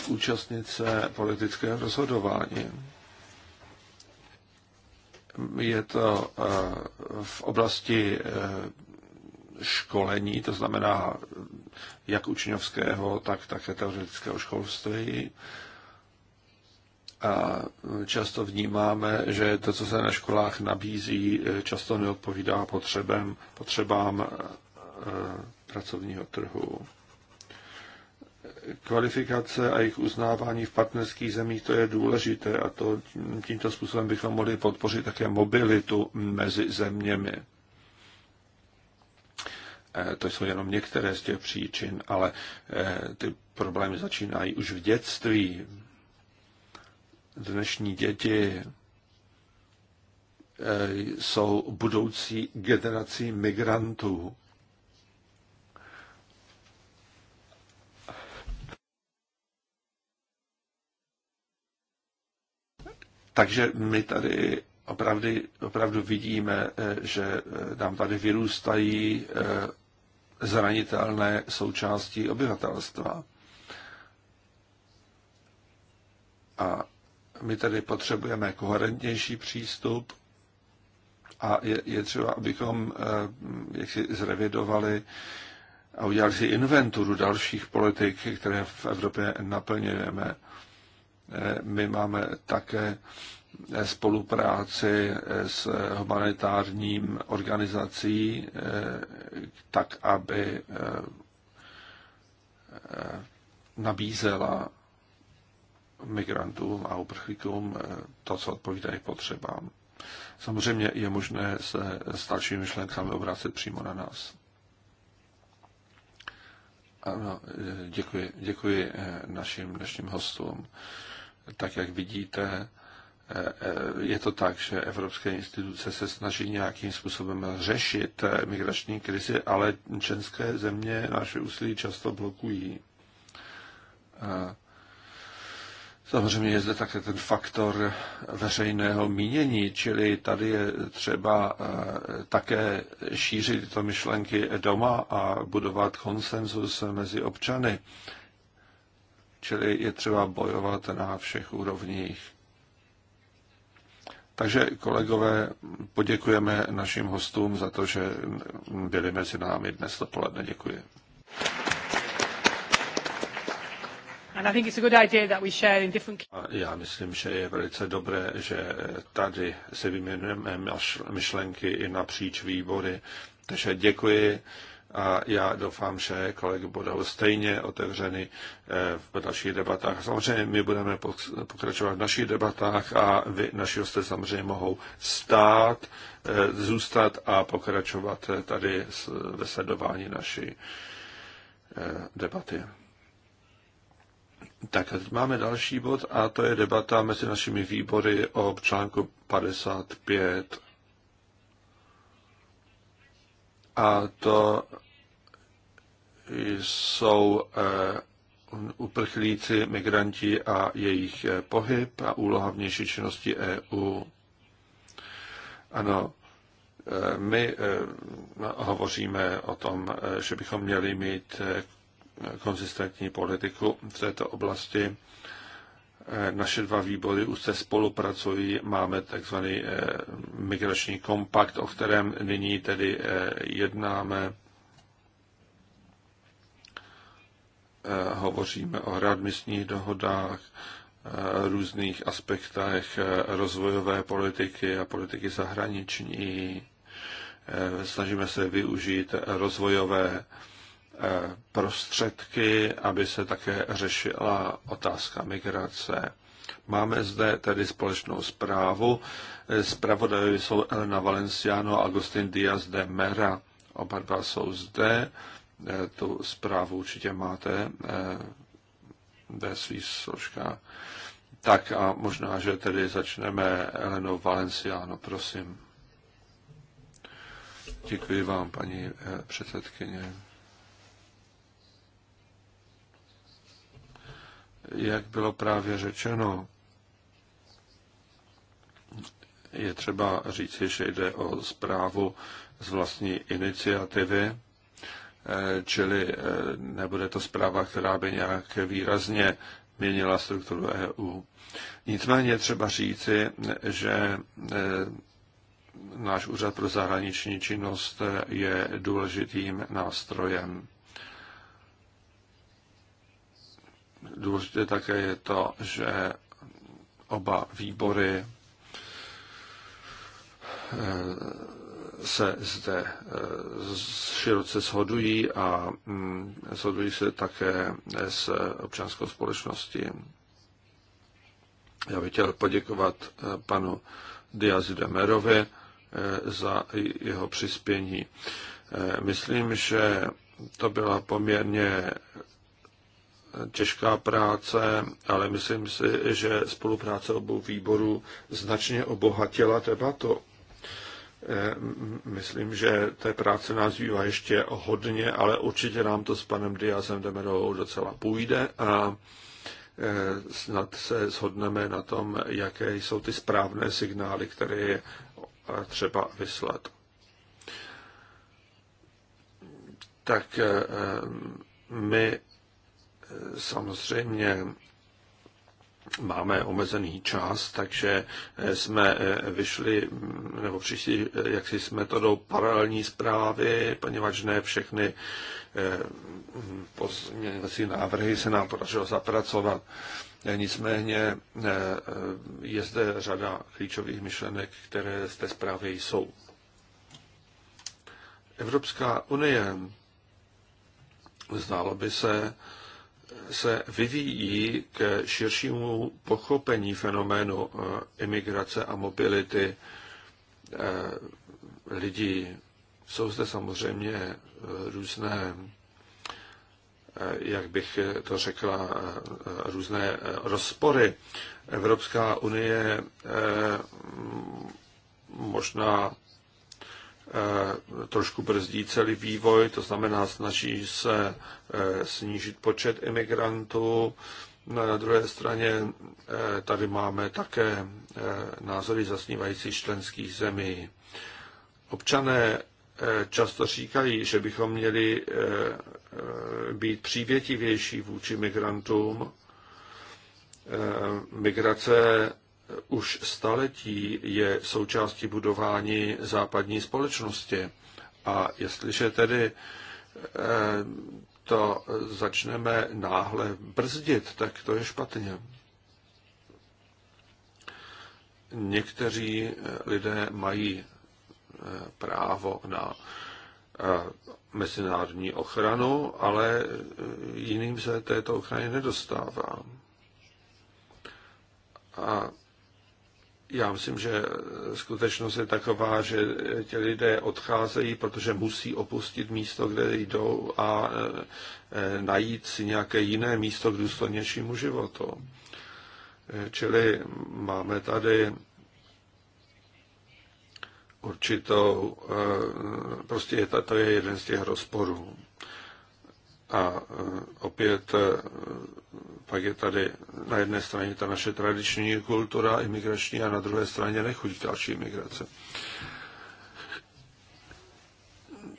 účastnit se politického rozhodování. Je to eh, v oblasti eh, školení, to znamená jak učňovského, tak také teoretického školství. A často vnímáme, že to, co se na školách nabízí, často neodpovídá potřebem, potřebám eh, pracovního trhu. Kvalifikace a jejich uznávání v partnerských zemích, to je důležité a to tímto způsobem bychom mohli podpořit také mobilitu mezi zeměmi. Eh, to jsou jenom některé z těch příčin, ale eh, ty problémy začínají už v dětství, dnešní děti eh, jsou budoucí generací migrantů. Takže my tady opravdu, opravdu vidíme, eh, že eh, nám tady vyrůstají zranitelné součástí obyvatelstva. A my tedy potřebujeme koherentnější přístup a je, je třeba, abychom eh, jak si zrevidovali a udělali si inventuru dalších politik, které v Evropě naplňujeme. Eh, my máme také eh, spolupráci s humanitárním organizací, tak aby nabízela migrantům a uprchlíkům eh, to, co odpovídá jejich potřebám. Samozřejmě je možné se dalšími myšlenkami obrátit přímo na nás. Ano, eh, děkuji, děkuji eh, našim dnešním hostům. Tak, jak vidíte, je to tak, že evropské instituce se snaží nějakým způsobem řešit migrační krizi, ale členské země naše úsilí často blokují. Samozřejmě je zde také ten faktor veřejného mínění, čili tady je třeba eh, také šířit tyto myšlenky doma a budovat konsenzus mezi občany. Čili je třeba bojovat na všech úrovních. Takže kolegové, poděkujeme našim hostům za to, že byli mezi námi dnes dopoledne. Děkuji já myslím, že je velice dobré, že tady se vyměnujeme myšlenky i napříč výbory. Takže děkuji a já doufám, že kolegy budou stejně otevřeny eh, v dalších debatách. Samozřejmě my budeme pokračovat v našich debatách a vy, naši hosté samozřejmě mohou stát, eh, zůstat a pokračovat eh, tady ve sledování naší debaty. Tak máme další bod a to je debata mezi našimi výbory o článku 55. A to jsou eh, uprchlíci, migranti a jejich eh, pohyb a úloha vnější činnosti EU. Ano, eh, my hovoříme o tom, že bychom měli mít konzistentní politiku v této oblasti. Eh, naše dva výbory už se spolupracují, máme takzvaný eh, migrační kompakt, o kterém nyní tedy eh, jednáme. Hovoříme o readmisních dohodách, různých aspektech rozvojové politiky a politiky zahraniční. Snažíme se využít rozvojové prostředky, aby se také řešila otázka migrace. Máme zde tedy společnou zprávu. Zpravodajovi jsou Elena Valenciano a Agustin Díaz de Mera. Oba dva jsou zde. Eh, tu zprávu určitě máte eh, ve svých složkách. Tak a možná, že tedy začneme Elenou Valenciano, prosím. Děkuji vám, paní eh, předsedkyně. jak bylo právě řečeno, je třeba říci, že jde o zprávu z vlastní iniciativy, eh, čili eh, nebude to zpráva, která by nějak výrazně měnila strukturu EU. Nicméně třeba říci, že eh, náš úřad pro zahraniční činnost je důležitým nástrojem. Důležité také je to, že oba výbory eh, se zde eh, široce shodují a mm, shodují se také s občanskou společností. Já bych chtěl poděkovat eh, panu Diazi Demerovi za jeho přispění. Myslím, že to byla poměrně těžká práce, ale myslím si, že spolupráce obou výborů značně obohatila debatu. Eh, myslím, že té práce nás bývá ještě hodně, ale určitě nám to s panem Diazem Demerovou docela půjde a eh, snad se shodneme na tom, jaké jsou ty správné signály, které je třeba vyslat. Tak eh, my samozřejmě máme omezený čas, takže jsme vyšli, nebo přišli, jak si jsme to do paralelní zprávy, poněvadž ne všechny eh, pozměňovací návrhy se nám podařilo zapracovat. Nicméně eh, je zde řada klíčových myšlenek, které z té zprávy jsou. Evropská unie zdálo by se, se vyvíjí k širšímu pochopení fenoménu eh, imigrace a mobility eh, lidí. Jsou zde samozřejmě eh, různé, jak bych to řekla, různé rozpory. Evropská unie možná Eh, trošku brzdí celý vývoj, to znamená snaží se eh, snížit počet imigrantů. Na druhé straně eh, tady máme také názory zasnívající členských zemí. Občané často říkají, že bychom měli být přívětivější vůči migrantům. Migrace už staletí je součástí budování západní společnosti. A jestliže tedy eh, to začneme náhle brzdit, tak to je špatně. Někteří eh, lidé mají eh, právo na mezinárodní ochranu, ale jiným se této ochrany nedostává. A já myslím, že skutečnost je taková, že ti lidé odcházejí, protože musí opustit místo, kde jdou a e, e, najít si nějaké jiné místo k důstojnějšímu životu. E, čili máme tady určitou, prostě je, to je jeden z těch rozporů. A e, opět e, pak je tady na jedné straně ta naše tradiční kultura imigrační a na druhé straně nechuť další imigrace.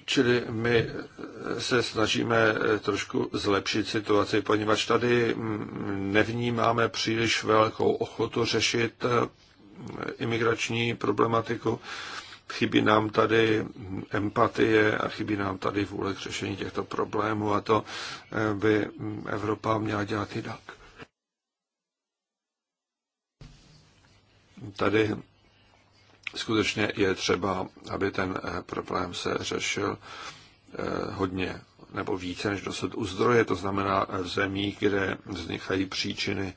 Čili my se snažíme e, trošku zlepšit situaci, poněvadž tady nevnímáme příliš velkou ochotu řešit imigrační problematiku. Chybí nám tady empatie a chybí nám tady vůle k řešení těchto problémů a to eh, by Evropa měla dělat jinak. Tady skutečně je třeba, aby ten eh, problém se řešil eh, hodně nebo více než dosud u zdroje, to znamená v zemích, kde vznikají příčiny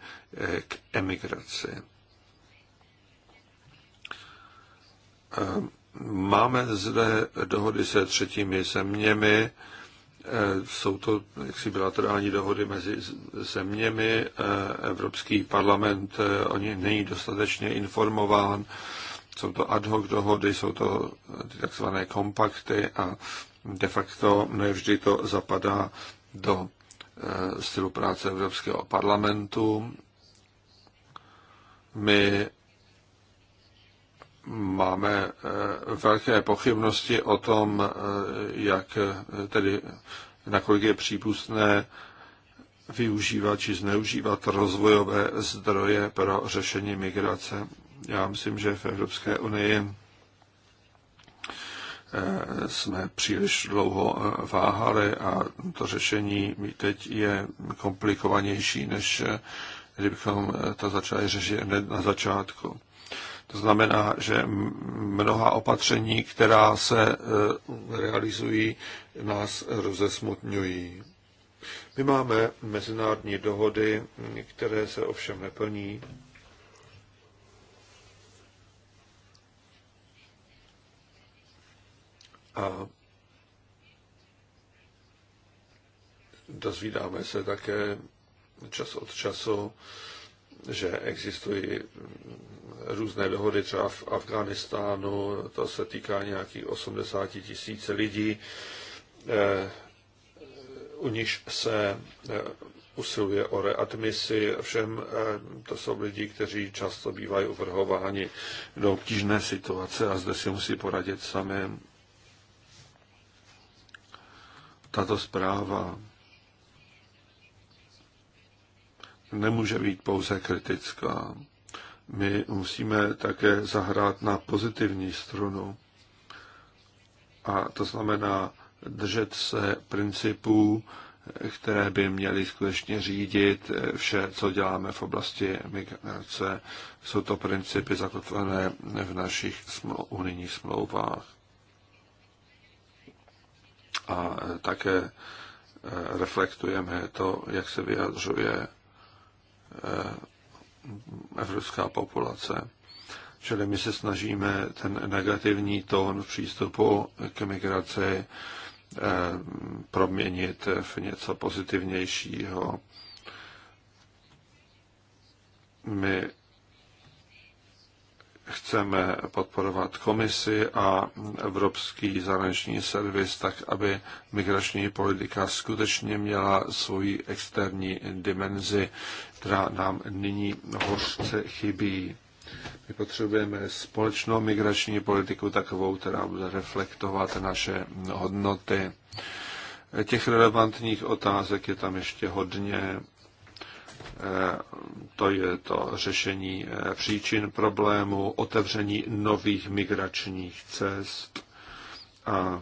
k emigraci. Máme zde dohody se třetími zeměmi, e, jsou to jaksi bilaterální dohody mezi zeměmi. E, Evropský parlament e, o ně není dostatečně informován. Jsou to ad hoc dohody, jsou to takzvané kompakty a de facto nevždy to zapadá do stylu práce Evropského parlamentu. My máme eh, velké pochybnosti o tom, eh, jak eh, tedy nakolik je přípustné využívat či zneužívat rozvojové zdroje pro řešení migrace. Já myslím, že v Evropské unii jsme příliš dlouho váhali a to řešení teď je komplikovanější, než kdybychom to začali řešit hned na začátku. To znamená, že mnoha opatření, která se e, realizují, nás rozesmutňují. My máme mezinárodní dohody, které se ovšem neplní. A dozvídáme se také čas od času, že existují různé dohody, třeba v Afganistánu, to se týká nějakých 80 tisíc lidí, eh, u níž se eh, usiluje o readmisi, všem eh, to jsou lidi, kteří často bývají uvrhováni do obtížné situace a zde si musí poradit sami. Tato zpráva nemůže být pouze kritická my musíme také zahrát na pozitivní stranu. A to znamená držet se principů, které by měly skutečně řídit vše, co děláme v oblasti migrace. Jsou to principy zakotvené v našich smlou, unijních smlouvách. A také eh, reflektujeme to, jak se vyjadřuje eh, evropská populace. Čili my se snažíme ten negativní tón v přístupu k migraci eh, proměnit v něco pozitivnějšího. My chceme podporovat komisi a Evropský zahraniční servis tak, aby migrační politika skutečně měla svoji externí dimenzi, která nám nyní hořce chybí. My potřebujeme společnou migrační politiku takovou, která bude reflektovat naše hodnoty. Těch relevantních otázek je tam ještě hodně to je to řešení eh, příčin problému, otevření nových migračních cest a,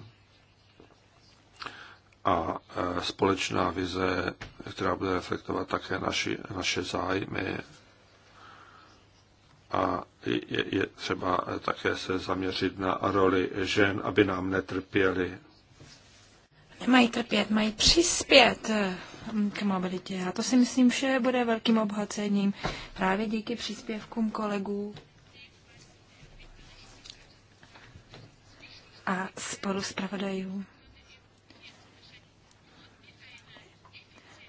a eh, společná vize, která bude reflektovat také naši, naše zájmy. A je, je třeba také se zaměřit na roli žen, aby nám netrpěli Mají trpět, mají přispět eh, k mobilitě. A to si myslím, že bude velkým obhacením právě díky příspěvkům kolegů a spolu pravodajů.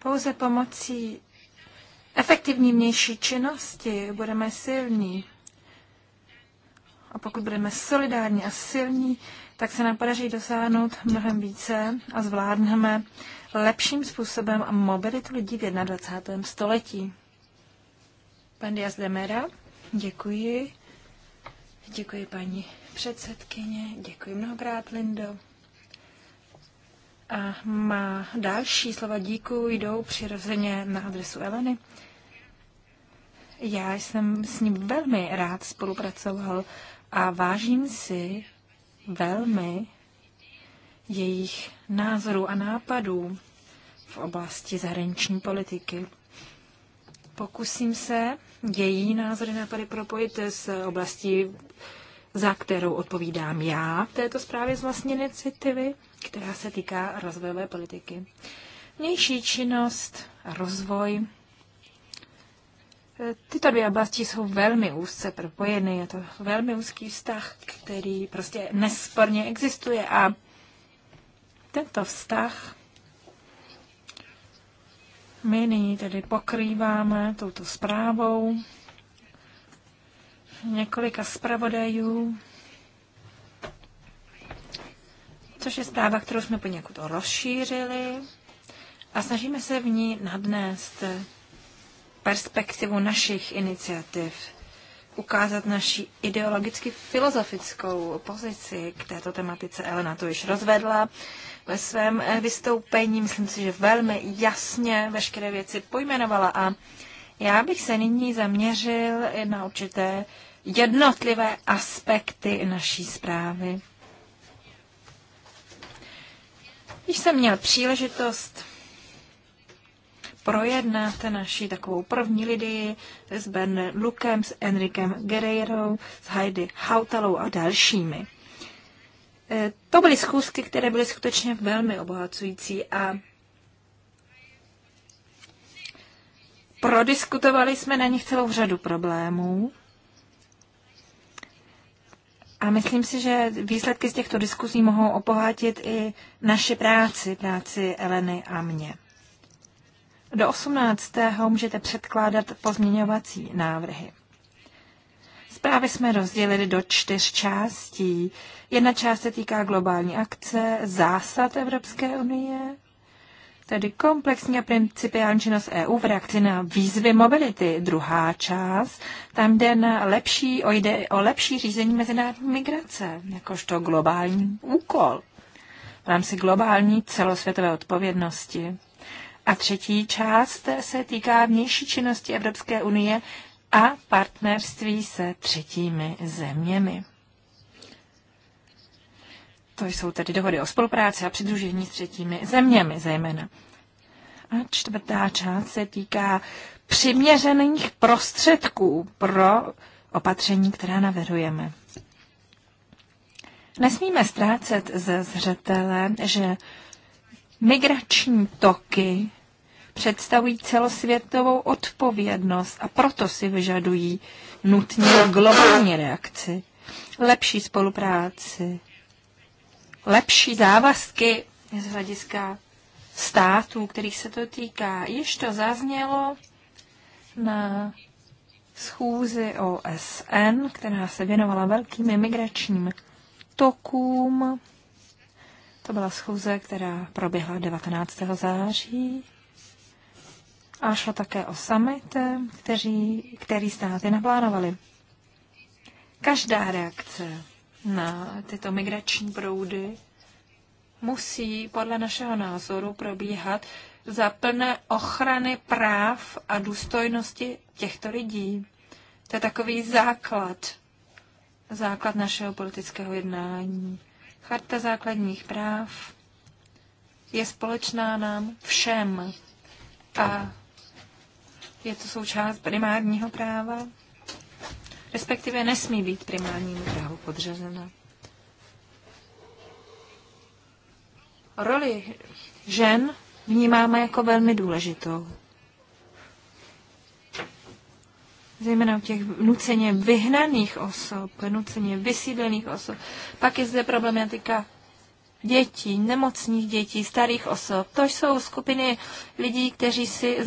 Pouze pomocí efektivní vnější činnosti budeme silní. A pokud budeme solidární a silní, tak se nám podaří dosáhnout mnohem více a zvládneme lepším způsobem mobilitu lidí v 21. století. Pan Diaz de Mera, děkuji. Děkuji paní předsedkyně, děkuji mnohokrát, Lindo. A má další slova díku jdou přirozeně na adresu Eleny. Já jsem s ním velmi rád spolupracoval a vážím si velmi jejich názorů a nápadů v oblasti zahraniční politiky. Pokusím se její názory nápady propojit s oblastí, za kterou odpovídám já v této zprávě z vlastní iniciativy, která se týká rozvojové politiky. Vnější činnost a rozvoj Tyto dvě oblasti jsou velmi úzce propojeny, je to velmi úzký vztah, který prostě nesporně existuje a tento vztah my nyní tedy pokrýváme touto zprávou několika zpravodajů, což je zpráva, kterou jsme poněkud rozšířili a snažíme se v ní nadnést perspektivu našich iniciativ, ukázat naši ideologicky filozofickou pozici k této tematice. Elena to již rozvedla ve svém eh, vystoupení, myslím si, že velmi jasně veškeré věci pojmenovala a já bych se nyní zaměřil na určité jednotlivé aspekty naší zprávy. Když jsem měl příležitost projednat naši takovou první lidi s Ben Lukem, s Enrikem Guerreirou, s Heidi Hautalou a dalšími. E, to byly schůzky, které byly skutečně velmi obohacující a prodiskutovali jsme na nich celou řadu problémů. A myslím si, že výsledky z těchto diskuzí mohou obohatit i naši práci, práci Eleny a mě. Do 18. můžete předkládat pozměňovací návrhy. Zprávy jsme rozdělili do čtyř částí. Jedna část se týká globální akce, zásad Evropské unie, tedy komplexní a principiální činnost EU v reakci na výzvy mobility. Druhá část, tam jde, na lepší, o jde o lepší řízení mezinárodní migrace, jakožto globální úkol v rámci globální celosvětové odpovědnosti. A třetí část se týká vnější činnosti Evropské unie a partnerství se třetími zeměmi. To jsou tedy dohody o spolupráci a přidružení s třetími zeměmi zejména. A čtvrtá část se týká přiměřených prostředků pro opatření, která navrhujeme. Nesmíme ztrácet ze zřetele, že Migrační toky představují celosvětovou odpovědnost a proto si vyžadují nutně globální reakci, lepší spolupráci, lepší závazky z hlediska států, kterých se to týká. Již to zaznělo na schůzi OSN, která se věnovala velkým migračním tokům to byla schůze, která proběhla 19. září. A šlo také o summit, který, který státy naplánovali. Každá reakce na tyto migrační proudy musí podle našeho názoru probíhat za plné ochrany práv a důstojnosti těchto lidí. To je takový základ, základ našeho politického jednání. Charta základních práv je společná nám všem a je to součást primárního práva, respektive nesmí být primárnímu právu podřazena. Roli žen vnímáme jako velmi důležitou. zejména u těch nuceně vyhnaných osob, nuceně vysídlených osob. Pak je zde problematika dětí, nemocných dětí, starých osob. To jsou skupiny lidí, kteří si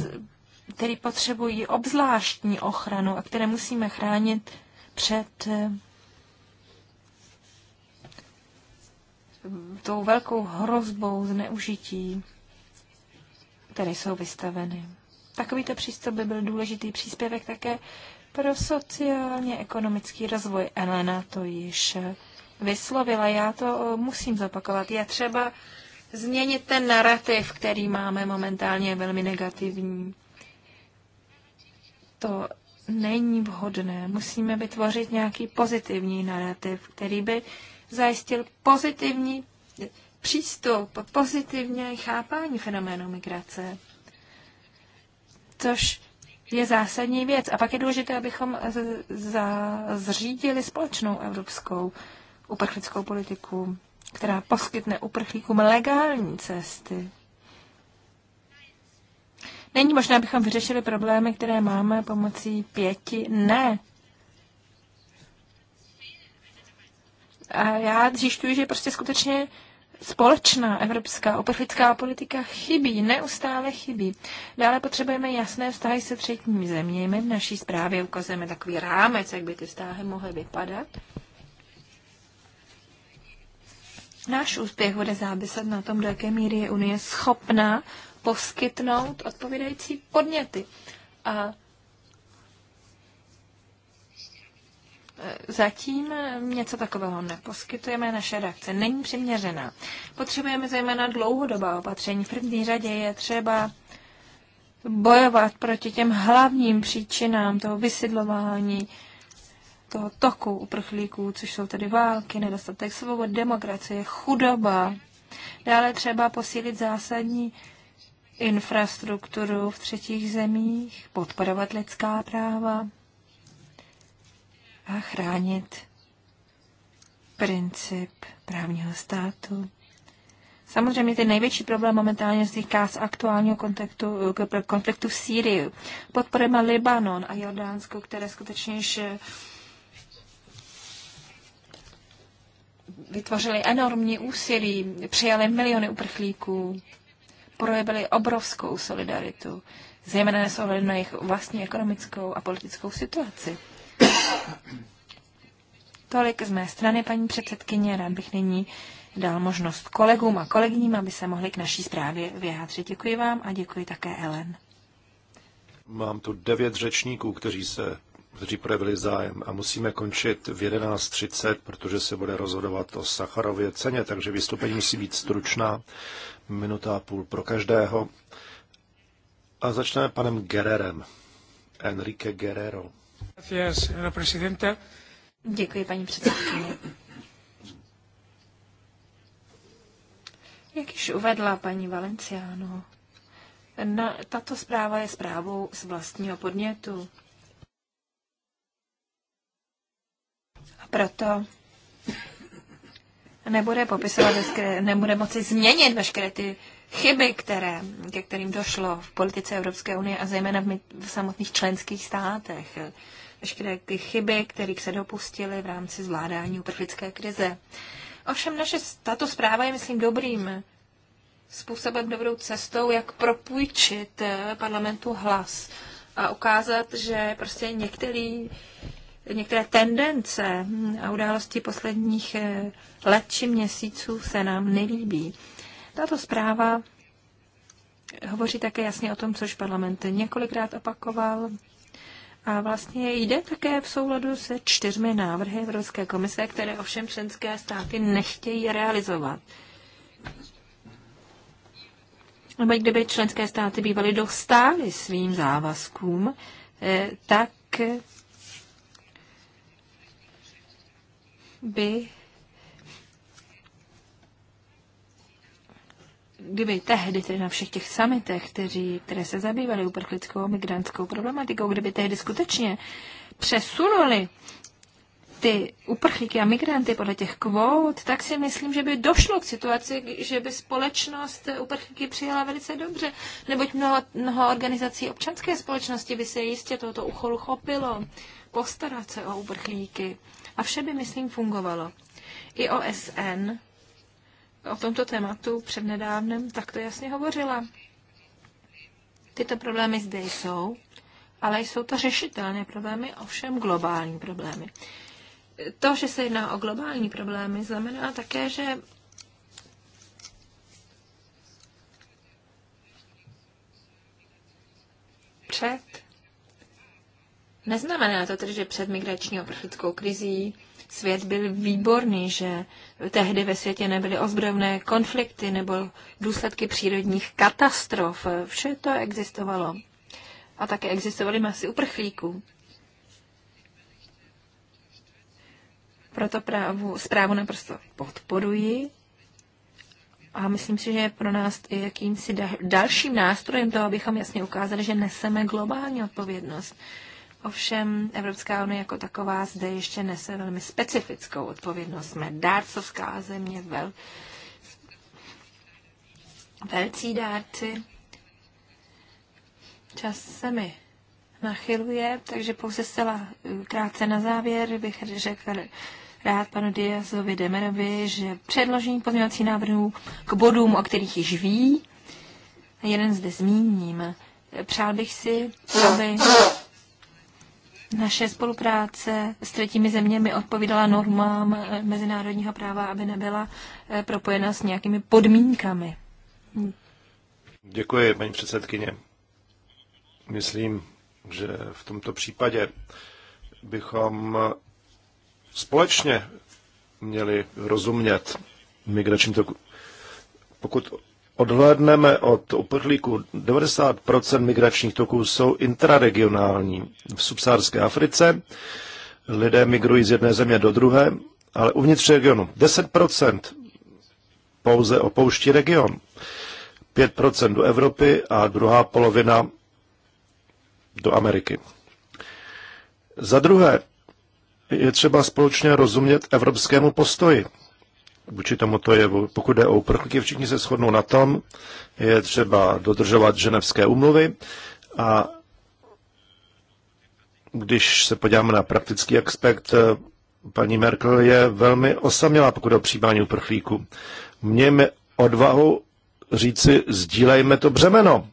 který potřebují obzvláštní ochranu a které musíme chránit před eh, tou velkou hrozbou zneužití, které jsou vystaveny. Takovýto přístup by byl důležitý příspěvek také pro sociálně-ekonomický rozvoj. Elena to již vyslovila, já to eh, musím zopakovat. Je třeba změnit ten narrativ, který máme momentálně velmi negativní. To není vhodné. Musíme vytvořit nějaký pozitivní narrativ, který by zajistil pozitivní přístup, pozitivně chápání fenoménu migrace což je zásadní věc. A pak je důležité, abychom zřídili společnou evropskou uprchlickou politiku, která poskytne uprchlíkům legální cesty. Není možné, abychom vyřešili problémy, které máme pomocí pěti ne. A já zjišťuji, že prostě skutečně společná evropská uprchlická politika chybí, neustále chybí. Dále potřebujeme jasné vztahy se třetními zeměmi. V naší zprávě ukazujeme takový rámec, jak by ty vztahy mohly vypadat. Náš úspěch bude záviset na tom, do jaké míry je Unie schopná poskytnout odpovídající podněty. A Zatím něco takového neposkytujeme, naše reakce není přiměřená. Potřebujeme zejména dlouhodobá opatření. V první řadě je třeba bojovat proti těm hlavním příčinám toho vysidlování, toho toku uprchlíků, což jsou tedy války, nedostatek svobod, demokracie, chudoba. Dále třeba posílit zásadní infrastrukturu v třetích zemích, podporovat lidská práva a chránit princip právního státu. Samozřejmě ten největší problém momentálně vzniká z aktuálního kontaktu, konfliktu v Sýrii. Podporujeme Libanon a Jordánsko, které skutečně již vytvořili enormní úsilí, přijali miliony uprchlíků, projevili obrovskou solidaritu, zejména s ohledem na jejich vlastní ekonomickou a politickou situaci. Tolik z mé strany, paní předsedkyně. Rád bych nyní dal možnost kolegům a kolegyním, aby se mohli k naší zprávě vyjádřit. Děkuji vám a děkuji také Ellen. Mám tu devět řečníků, kteří se kteří projevili zájem a musíme končit v 11.30, protože se bude rozhodovat o Sacharově ceně, takže vystoupení musí být stručná, minuta a půl pro každého. A začneme panem Gererem, Enrique Guerrero. Děkuji, paní předsedkyně. Jak již uvedla paní Valenciano, na, tato zpráva je zprávou z vlastního podnětu. A proto nebude popisovat, veškeré, nebude moci změnit veškeré ty chyby, které, ke kterým došlo v politice Evropské unie a zejména v, v samotných členských státech veškeré ty chyby, kterých se dopustili v rámci zvládání uprchlické krize. Ovšem naše, tato zpráva je, myslím, dobrým způsobem, dobrou cestou, jak propůjčit eh, parlamentu hlas a ukázat, že prostě některý, některé tendence a události posledních eh, let či měsíců se nám nelíbí. Tato zpráva hovoří také jasně o tom, což parlament několikrát opakoval, a vlastně jde také v souladu se čtyřmi návrhy Evropské komise, které ovšem členské státy nechtějí realizovat. Nebo kdyby členské státy bývaly dostály svým závazkům, eh, tak by kdyby tehdy, tedy na všech těch samitech, kteří, které se zabývaly uprchlickou a migrantskou problematikou, kdyby tehdy skutečně přesunuli ty uprchlíky a migranty podle těch kvót, tak si myslím, že by došlo k situaci, že by společnost uprchlíky přijala velice dobře, neboť mnoho, mnoho organizací občanské společnosti by se jistě tohoto úcholu chopilo, postarat se o uprchlíky. A vše by, myslím, fungovalo. I OSN o tomto tématu přednedávnem takto jasně hovořila. Tyto problémy zde jsou, ale jsou to řešitelné problémy, ovšem globální problémy. To, že se jedná o globální problémy, znamená také, že před Neznamená to tedy, že před migrační oprchlickou krizí svět byl výborný, že tehdy ve světě nebyly ozbrojné konflikty nebo důsledky přírodních katastrof. Vše to existovalo. A také existovaly masy uprchlíků. Proto právu, zprávu naprosto podporuji. A myslím si, že je pro nás i jakýmsi dalším nástrojem toho, abychom jasně ukázali, že neseme globální odpovědnost. Ovšem Evropská unie jako taková zde ještě nese velmi specifickou odpovědnost. Jsme dárcovská země, vel, velcí dárci. Čas se mi nachyluje, takže pouze zcela eh, krátce na závěr bych řekl rád panu Diazovi Demerovi, že předložení pozměňovací návrhů k bodům, o kterých již ví, jeden zde zmíním. Přál bych si, aby naše spolupráce s třetími zeměmi odpovídala normám eh, mezinárodního práva, aby nebyla eh, propojena s nějakými podmínkami. Děkuji, paní předsedkyně. Myslím, že v tomto případě bychom společně měli rozumět migračním toku. Pokud odhlédneme od uprchlíků, 90% migračních toků jsou intraregionální. V subsárské Africe lidé migrují z jedné země do druhé, ale uvnitř regionu 10% pouze opouští region. 5% do Evropy a druhá polovina do Ameriky. Za druhé, je třeba společně rozumět evropskému postoji vůči tomuto jevu. Pokud jde o uprchlíky, všichni se shodnou na tom, je třeba dodržovat ženevské umluvy a když se podíváme na praktický aspekt, paní Merkel je velmi osamělá, pokud o přijímání uprchlíků. Mějme odvahu říci, sdílejme to břemeno.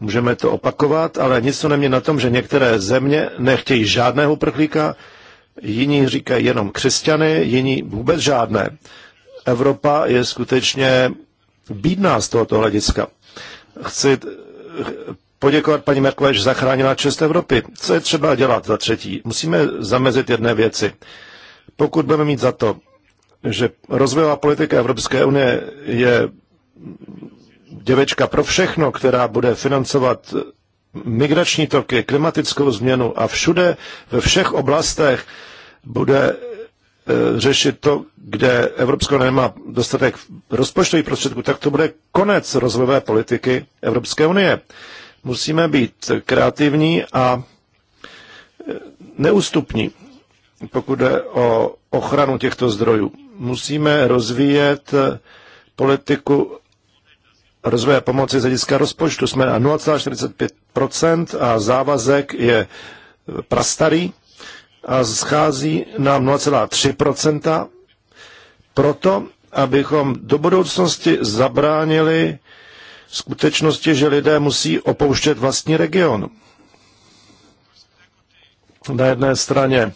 Můžeme to opakovat, ale nic to nemě na tom, že některé země nechtějí žádného uprchlíka, jiní říkají jenom křesťany, jiní vůbec žádné. Evropa je skutečně bídná z tohoto hlediska. Chci poděkovat paní Merkle, že zachránila čest Evropy. Co je třeba dělat za třetí? Musíme zamezit jedné věci. Pokud budeme mít za to, že rozvojová politika Evropské unie je děvečka pro všechno, která bude financovat migrační toky, klimatickou změnu a všude, ve všech oblastech bude E, řešit to, kde Evropsko nemá dostatek rozpočtových prostředků, tak to bude konec rozvojové politiky Evropské unie. Musíme být kreativní a e, neústupní, pokud jde o ochranu těchto zdrojů. Musíme rozvíjet e, politiku rozvoje pomoci z hlediska rozpočtu. Jsme na 0,45% a závazek je prastarý a schází nám 0,3 proto, abychom do budoucnosti zabránili skutečnosti, že lidé musí opouštět vlastní region. Na jedné straně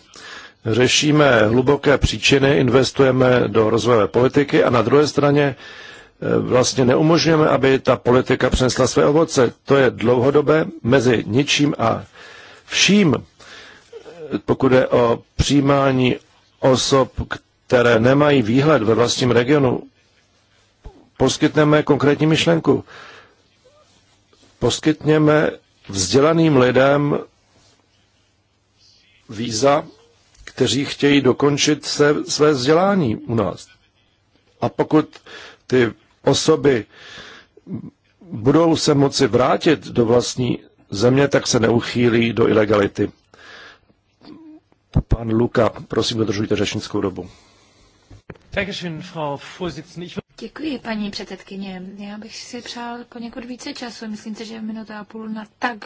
řešíme hluboké příčiny, investujeme do rozvojové politiky a na druhé straně e, vlastně neumožňujeme, aby ta politika přinesla své ovoce. To je dlouhodobé mezi ničím a vším pokud je o přijímání osob, které nemají výhled ve vlastním regionu, poskytneme konkrétní myšlenku. Poskytněme vzdělaným lidem víza, kteří chtějí dokončit se, své vzdělání u nás. A pokud ty osoby budou se moci vrátit do vlastní země, tak se neuchýlí do ilegality. Pan Luka, prosím, dodržujte řečnickou dobu. Děkuji, paní předsedkyně. Já bych si přál poněkud více času. Myslím si, že minuta a půl na tak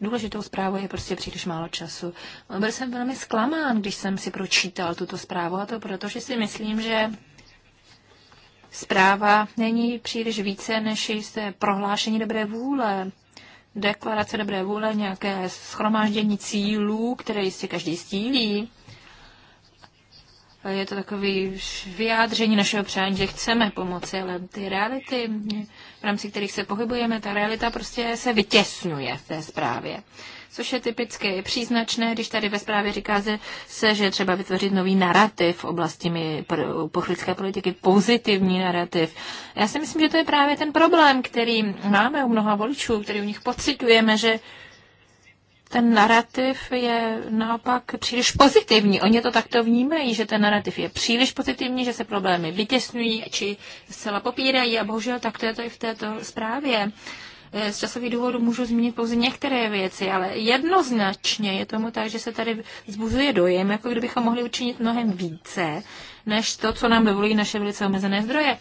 důležitou zprávu je prostě příliš málo času. Byl jsem velmi zklamán, když jsem si pročítal tuto zprávu, a to proto, že si myslím, že zpráva není příliš více než jisté prohlášení dobré vůle deklarace dobré vůle, nějaké schromáždění cílů, které jistě každý stílí je to takový vyjádření našeho přání, že chceme pomoci, ale ty reality, v rámci kterých se pohybujeme, ta realita prostě se vytěsňuje v té zprávě. Což je typicky příznačné, když tady ve zprávě říká se, že třeba vytvořit nový narrativ v oblasti pochlické politiky, pozitivní narrativ. Já si myslím, že to je právě ten problém, který máme u mnoha voličů, který u nich pocitujeme, že ten narrativ je naopak příliš pozitivní. Oni to takto vnímají, že ten narrativ je příliš pozitivní, že se problémy vytěsňují či zcela popírají a bohužel takto je to i v této zprávě. Eh, z časových důvodů můžu zmínit pouze některé věci, ale jednoznačně je tomu tak, že se tady zbuzuje dojem, jako kdybychom mohli učinit mnohem více, než to, co nám dovolují naše velice omezené zdroje.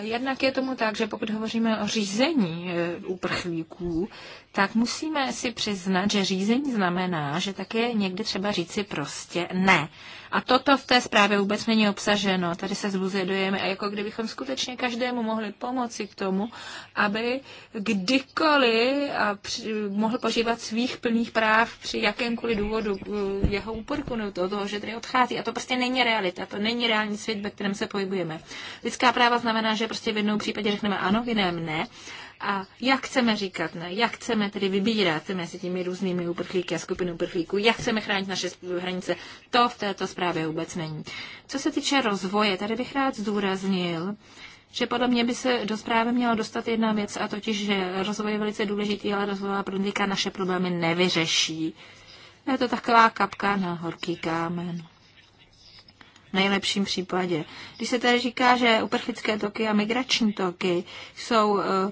Jednak je tomu tak, že pokud hovoříme o řízení e, uprchlíků, tak musíme si přiznat, že řízení znamená, že také někdy třeba říci prostě ne. A toto v té zprávě vůbec není obsaženo. Tady se zbuzuje a jako kdybychom skutečně každému mohli pomoci k tomu, aby kdykoliv a při, mohl požívat svých plných práv při jakémkoliv důvodu uh, jeho úporku nebo toho, toho, že tady odchází. A to prostě není realita, to není reálný svět, ve kterém se pohybujeme. Lidská práva znamená, že prostě v jednom případě řekneme ano, v jiném ne. A jak chceme říkat ne? Jak chceme tedy vybírat mezi těmi různými uprchlíky a skupinou uprchlíků? Jak chceme chránit naše hranice? To v této zprávě vůbec není. Co se týče rozvoje, tady bych rád zdůraznil, že podle mě by se do zprávy měla dostat jedna věc, a totiž, že rozvoj je velice důležitý, ale rozvojová politika naše problémy nevyřeší. Je to taková kapka na horký kámen nejlepším případě. Když se tady říká, že uprchlické toky a migrační toky jsou, eh,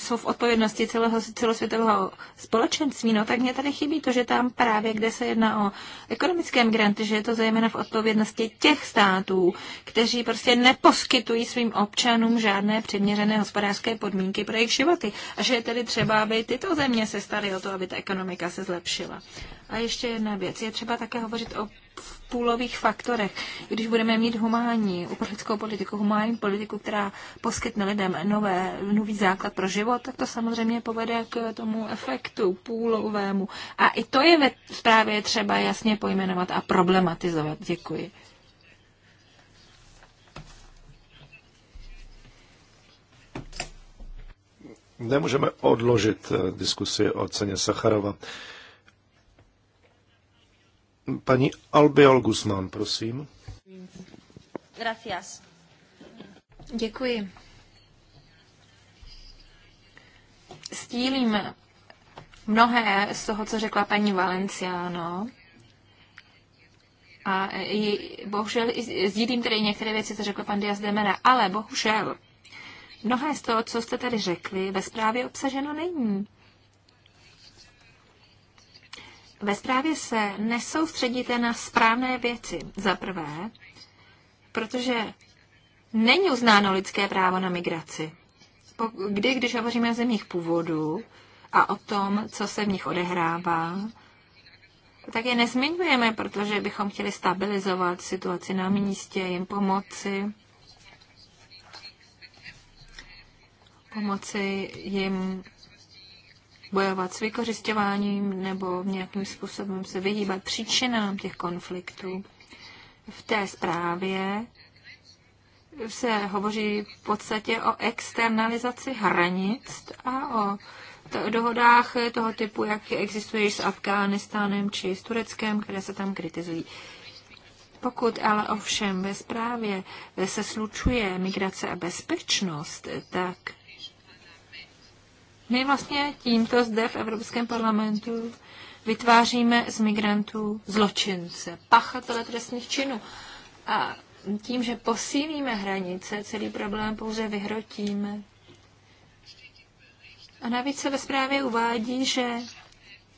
jsou v odpovědnosti celého, celosvětového společenství, no tak mě tady chybí to, že tam právě, kde se jedná o ekonomické migranty, že je to zejména v odpovědnosti těch států, kteří prostě neposkytují svým občanům žádné přiměřené hospodářské podmínky pro jejich životy. A že je tedy třeba, aby tyto země se staly o to, aby ta ekonomika se zlepšila. A ještě jedna věc. Je třeba také hovořit o půlových faktorech. Když budeme mít humánní uprchlickou politiku, humánní politiku, která poskytne lidem nové, nový základ pro život, tak to samozřejmě povede k tomu efektu půlovému. A i to je ve zprávě třeba jasně pojmenovat a problematizovat. Děkuji. Nemůžeme odložit eh, diskusi o ceně Sacharova. Paní Albiol Guzman, prosím. Gracias. Děkuji. Stílím mnohé z toho, co řekla paní Valenciano. A i, bohužel sdílím tedy některé věci, co řekl pan Diaz Demena, ale bohužel mnohé z toho, co jste tady řekli, ve zprávě obsaženo není ve zprávě se nesoustředíte na správné věci. Za prvé, protože není uznáno lidské právo na migraci. Kdy, když hovoříme o zemích původu a o tom, co se v nich odehrává, tak je nezmiňujeme, protože bychom chtěli stabilizovat situaci na místě, jim pomoci, pomoci jim bojovat s vykořišťováním nebo nějakým způsobem se vyhýbat příčinám těch konfliktů. V té zprávě se hovoří v podstatě o externalizaci hranic a o dohodách toho typu, jak existují s Afghánistánem či s Tureckem, které se tam kritizují. Pokud ale ovšem ve zprávě se slučuje migrace a bezpečnost, tak my vlastně tímto zde v Evropském parlamentu vytváříme z migrantů zločince, pachatele trestných činů. A tím, že posílíme hranice, celý problém pouze vyhrotíme. A navíc se ve zprávě uvádí, že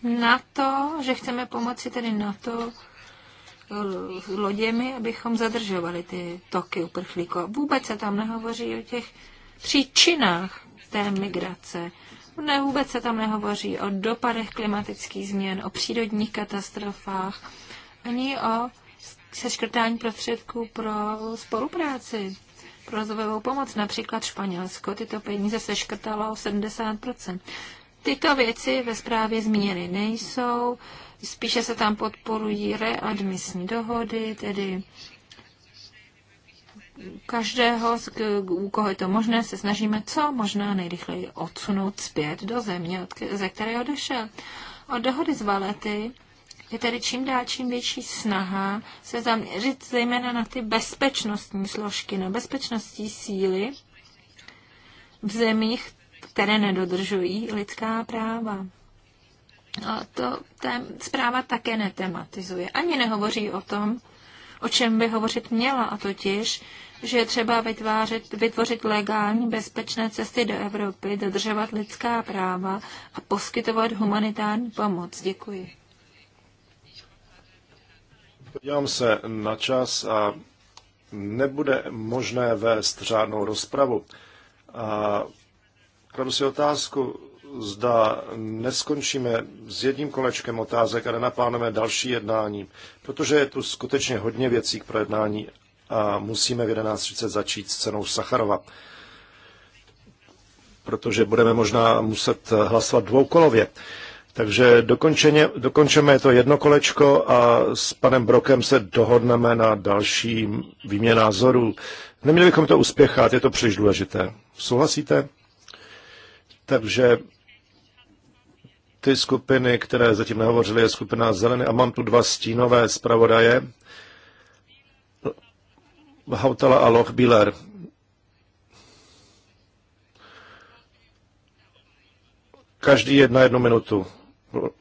na to, že chceme pomoci tedy na to eh, loděmi, abychom zadržovali ty toky uprchlíků. Vůbec se tam nehovoří o těch příčinách té migrace. Ne, vůbec se tam nehovoří o dopadech klimatických změn, o přírodních katastrofách, ani o seškrtání prostředků pro spolupráci, pro rozvojovou pomoc. Například Španělsko tyto peníze seškrtalo 70%. Tyto věci ve zprávě zmíněny nejsou, spíše se tam podporují readmisní dohody, tedy každého, u koho je to možné, se snažíme co možná nejrychleji odsunout zpět do země, ze které odešel. Od dohody z Valety je tedy čím dál čím větší snaha se zaměřit zejména na ty bezpečnostní složky, na bezpečnostní síly v zemích, které nedodržují lidská práva. A to tém, zpráva také netematizuje. Ani nehovoří o tom, o čem by hovořit měla, a totiž, že je třeba vytvářet, vytvořit legální bezpečné cesty do Evropy, dodržovat lidská práva a poskytovat humanitární pomoc. Děkuji. Podívám se na čas a nebude možné vést řádnou rozpravu. A kladu si otázku, zda neskončíme s jedním kolečkem otázek a nenaplánoveme další jednání, protože je tu skutečně hodně věcí k projednání a musíme v 11.30 začít s cenou Sacharova, protože budeme možná muset hlasovat dvoukolově. Takže dokončeně, dokončeme to jedno kolečko a s panem Brokem se dohodneme na další výměn názorů. Neměli bychom to uspěchat, je to příliš důležité. Souhlasíte? Takže ty skupiny, které zatím nehovořily, je skupina zelené a mám tu dva stínové zpravodaje Hautala a Lochbiller. Každý jedna jednu minutu. Loch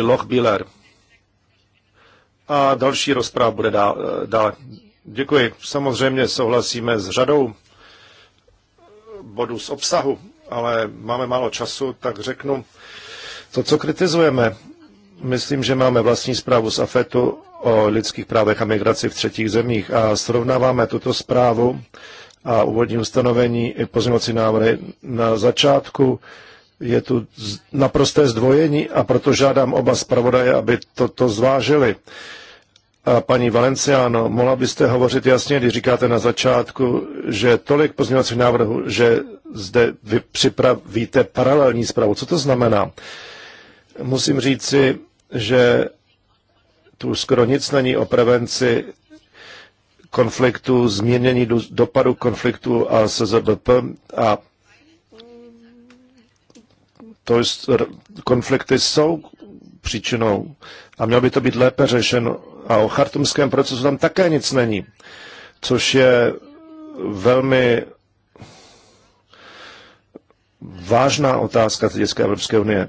Lochbiller. A další rozpráva bude dále. Děkuji. Samozřejmě souhlasíme s řadou bodů z obsahu, ale máme málo času, tak řeknu to, co kritizujeme. Myslím, že máme vlastní zprávu z AFETu o lidských právech a migraci v třetích zemích a srovnáváme tuto zprávu a úvodní ustanovení i pozměňovací návrhy na začátku, je tu naprosté zdvojení a proto žádám oba zpravodaje, aby toto zvážili. A paní Valenciano, mohla byste hovořit jasně, když říkáte na začátku, že tolik pozměňovacích návrhů, že zde vy připravíte paralelní zprávu. Co to znamená? Musím říci, že tu skoro nic není o prevenci konfliktu, změnění dopadu konfliktu a SZBP a to konflikty jsou příčinou a mělo by to být lépe řešeno. A o chartumském procesu tam také nic není, což je velmi vážná otázka z Evropské unie.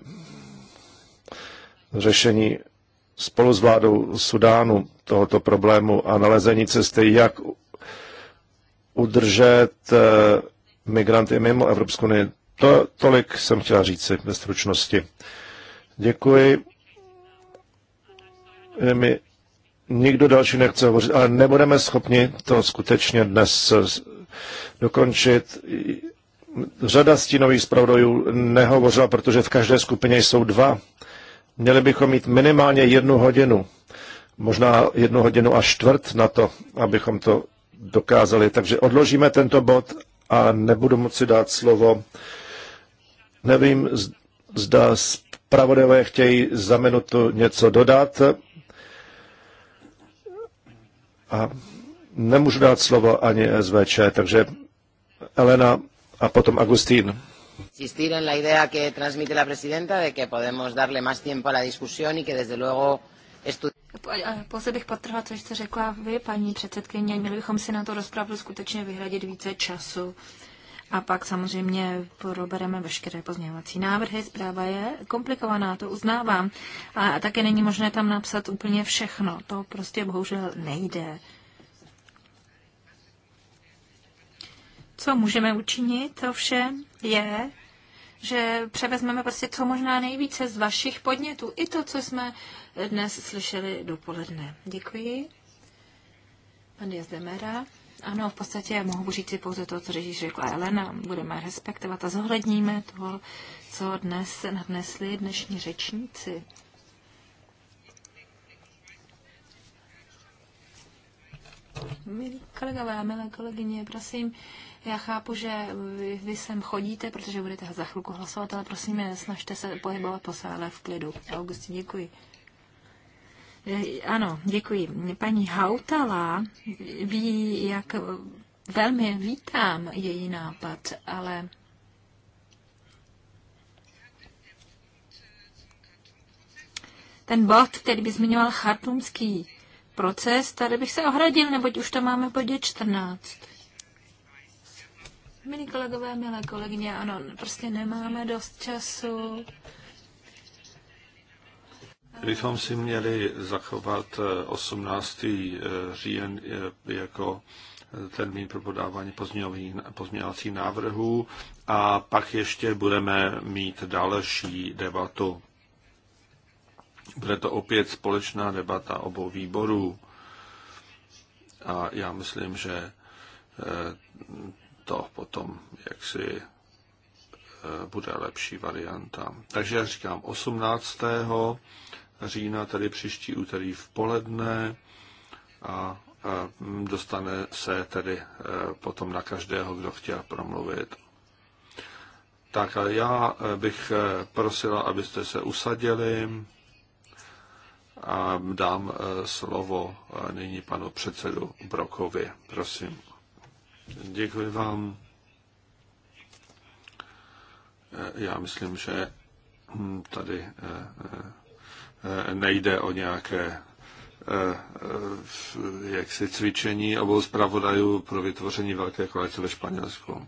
Řešení spolu s vládou Sudánu tohoto problému a nalezení cesty, jak udržet eh, migranty mimo Evropskou unii. To, tolik jsem chtěla říci ve stručnosti. Děkuji. Je mi nikdo další nechce hovořit, ale nebudeme schopni to skutečně dnes eh, dokončit. Řada stínových zpravodajů nehovořila, protože v každé skupině jsou dva. Měli bychom mít minimálně jednu hodinu, možná jednu hodinu a čtvrt na to, abychom to dokázali. Takže odložíme tento bod a nebudu moci dát slovo. Nevím, zda zpravodajové chtějí za minutu něco dodat. A nemůžu dát slovo ani SVČ, takže Elena a potom Agustín. Insistir en la idea que transmite la presidenta de que podemos darle más tiempo a la discusión y que desde luego Pouze bych potrhla co jste řekla vy, paní předsedkyně, měli bychom si na to rozpravu skutečně vyhradit více času. A pak samozřejmě probereme veškeré pozměňovací návrhy. Zpráva je komplikovaná, to uznávám. A také není možné tam napsat úplně všechno. To prostě bohužel nejde. Co můžeme učinit ovšem je, že převezmeme prostě co možná nejvíce z vašich podnětů. I to, co jsme dnes slyšeli dopoledne. Děkuji. Pan Jazdemera. Ano, v podstatě mohu říct si pouze to, co Ježíš řekla Elena. Budeme respektovat a zohledníme toho, co dnes nadnesli dnešní řečníci. Milí kolegové a milé kolegyně, prosím, já chápu, že vy, vy sem chodíte, protože budete za chvilku hlasovat, ale prosím, snažte se pohybovat po sále v klidu. Augustin, děkuji. E, ano, děkuji. Paní Hautala ví, jak velmi vítám její nápad, ale ten bod, který by zmiňoval chartumský proces, tady bych se ohradil, neboť už to máme v bodě 14. Milí kolegové, milé kolegyně, ano, prostě nemáme dost času. Kdybychom si měli zachovat 18. Eh, eh, říjen eh, jako termín pro podávání pozměňovacích návrhů a pak ještě budeme mít další debatu. Bude to opět společná debata obou výborů. A já myslím, že eh, to potom jaksi eh, bude lepší varianta. Takže já říkám, 18. října, tedy příští úterý v poledne a mm, dostane se tedy eh, potom na každého, kdo chtěl promluvit. Tak a já bych prosila, abyste se usadili a dám eh, slovo eh, nyní panu předsedu Brokovi. Prosím. Děkuji vám. Eh, já myslím, že hm, tady nejde o nějaké jaksi cvičení obou zpravodajů pro vytvoření velké koalice ve Španělsku.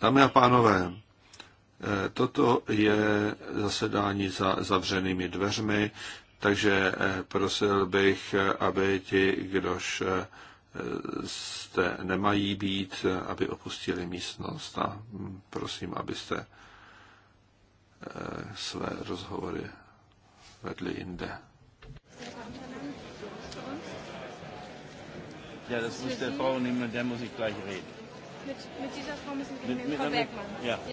Dámy a pánové, Toto je zasedání za zavřenými dveřmi. Takže eh, prosil bych, eh, aby ti, kdož eh, jste nemají být, aby opustili místnost a mm, prosím, abyste své rozhovory vedli jinde. Ja, das muss der Frau nehmen und der muss ich gleich reden. Mit, mit dieser Frau müssen wir mit, mit Frau Bergmann. Mit, Ja. ja.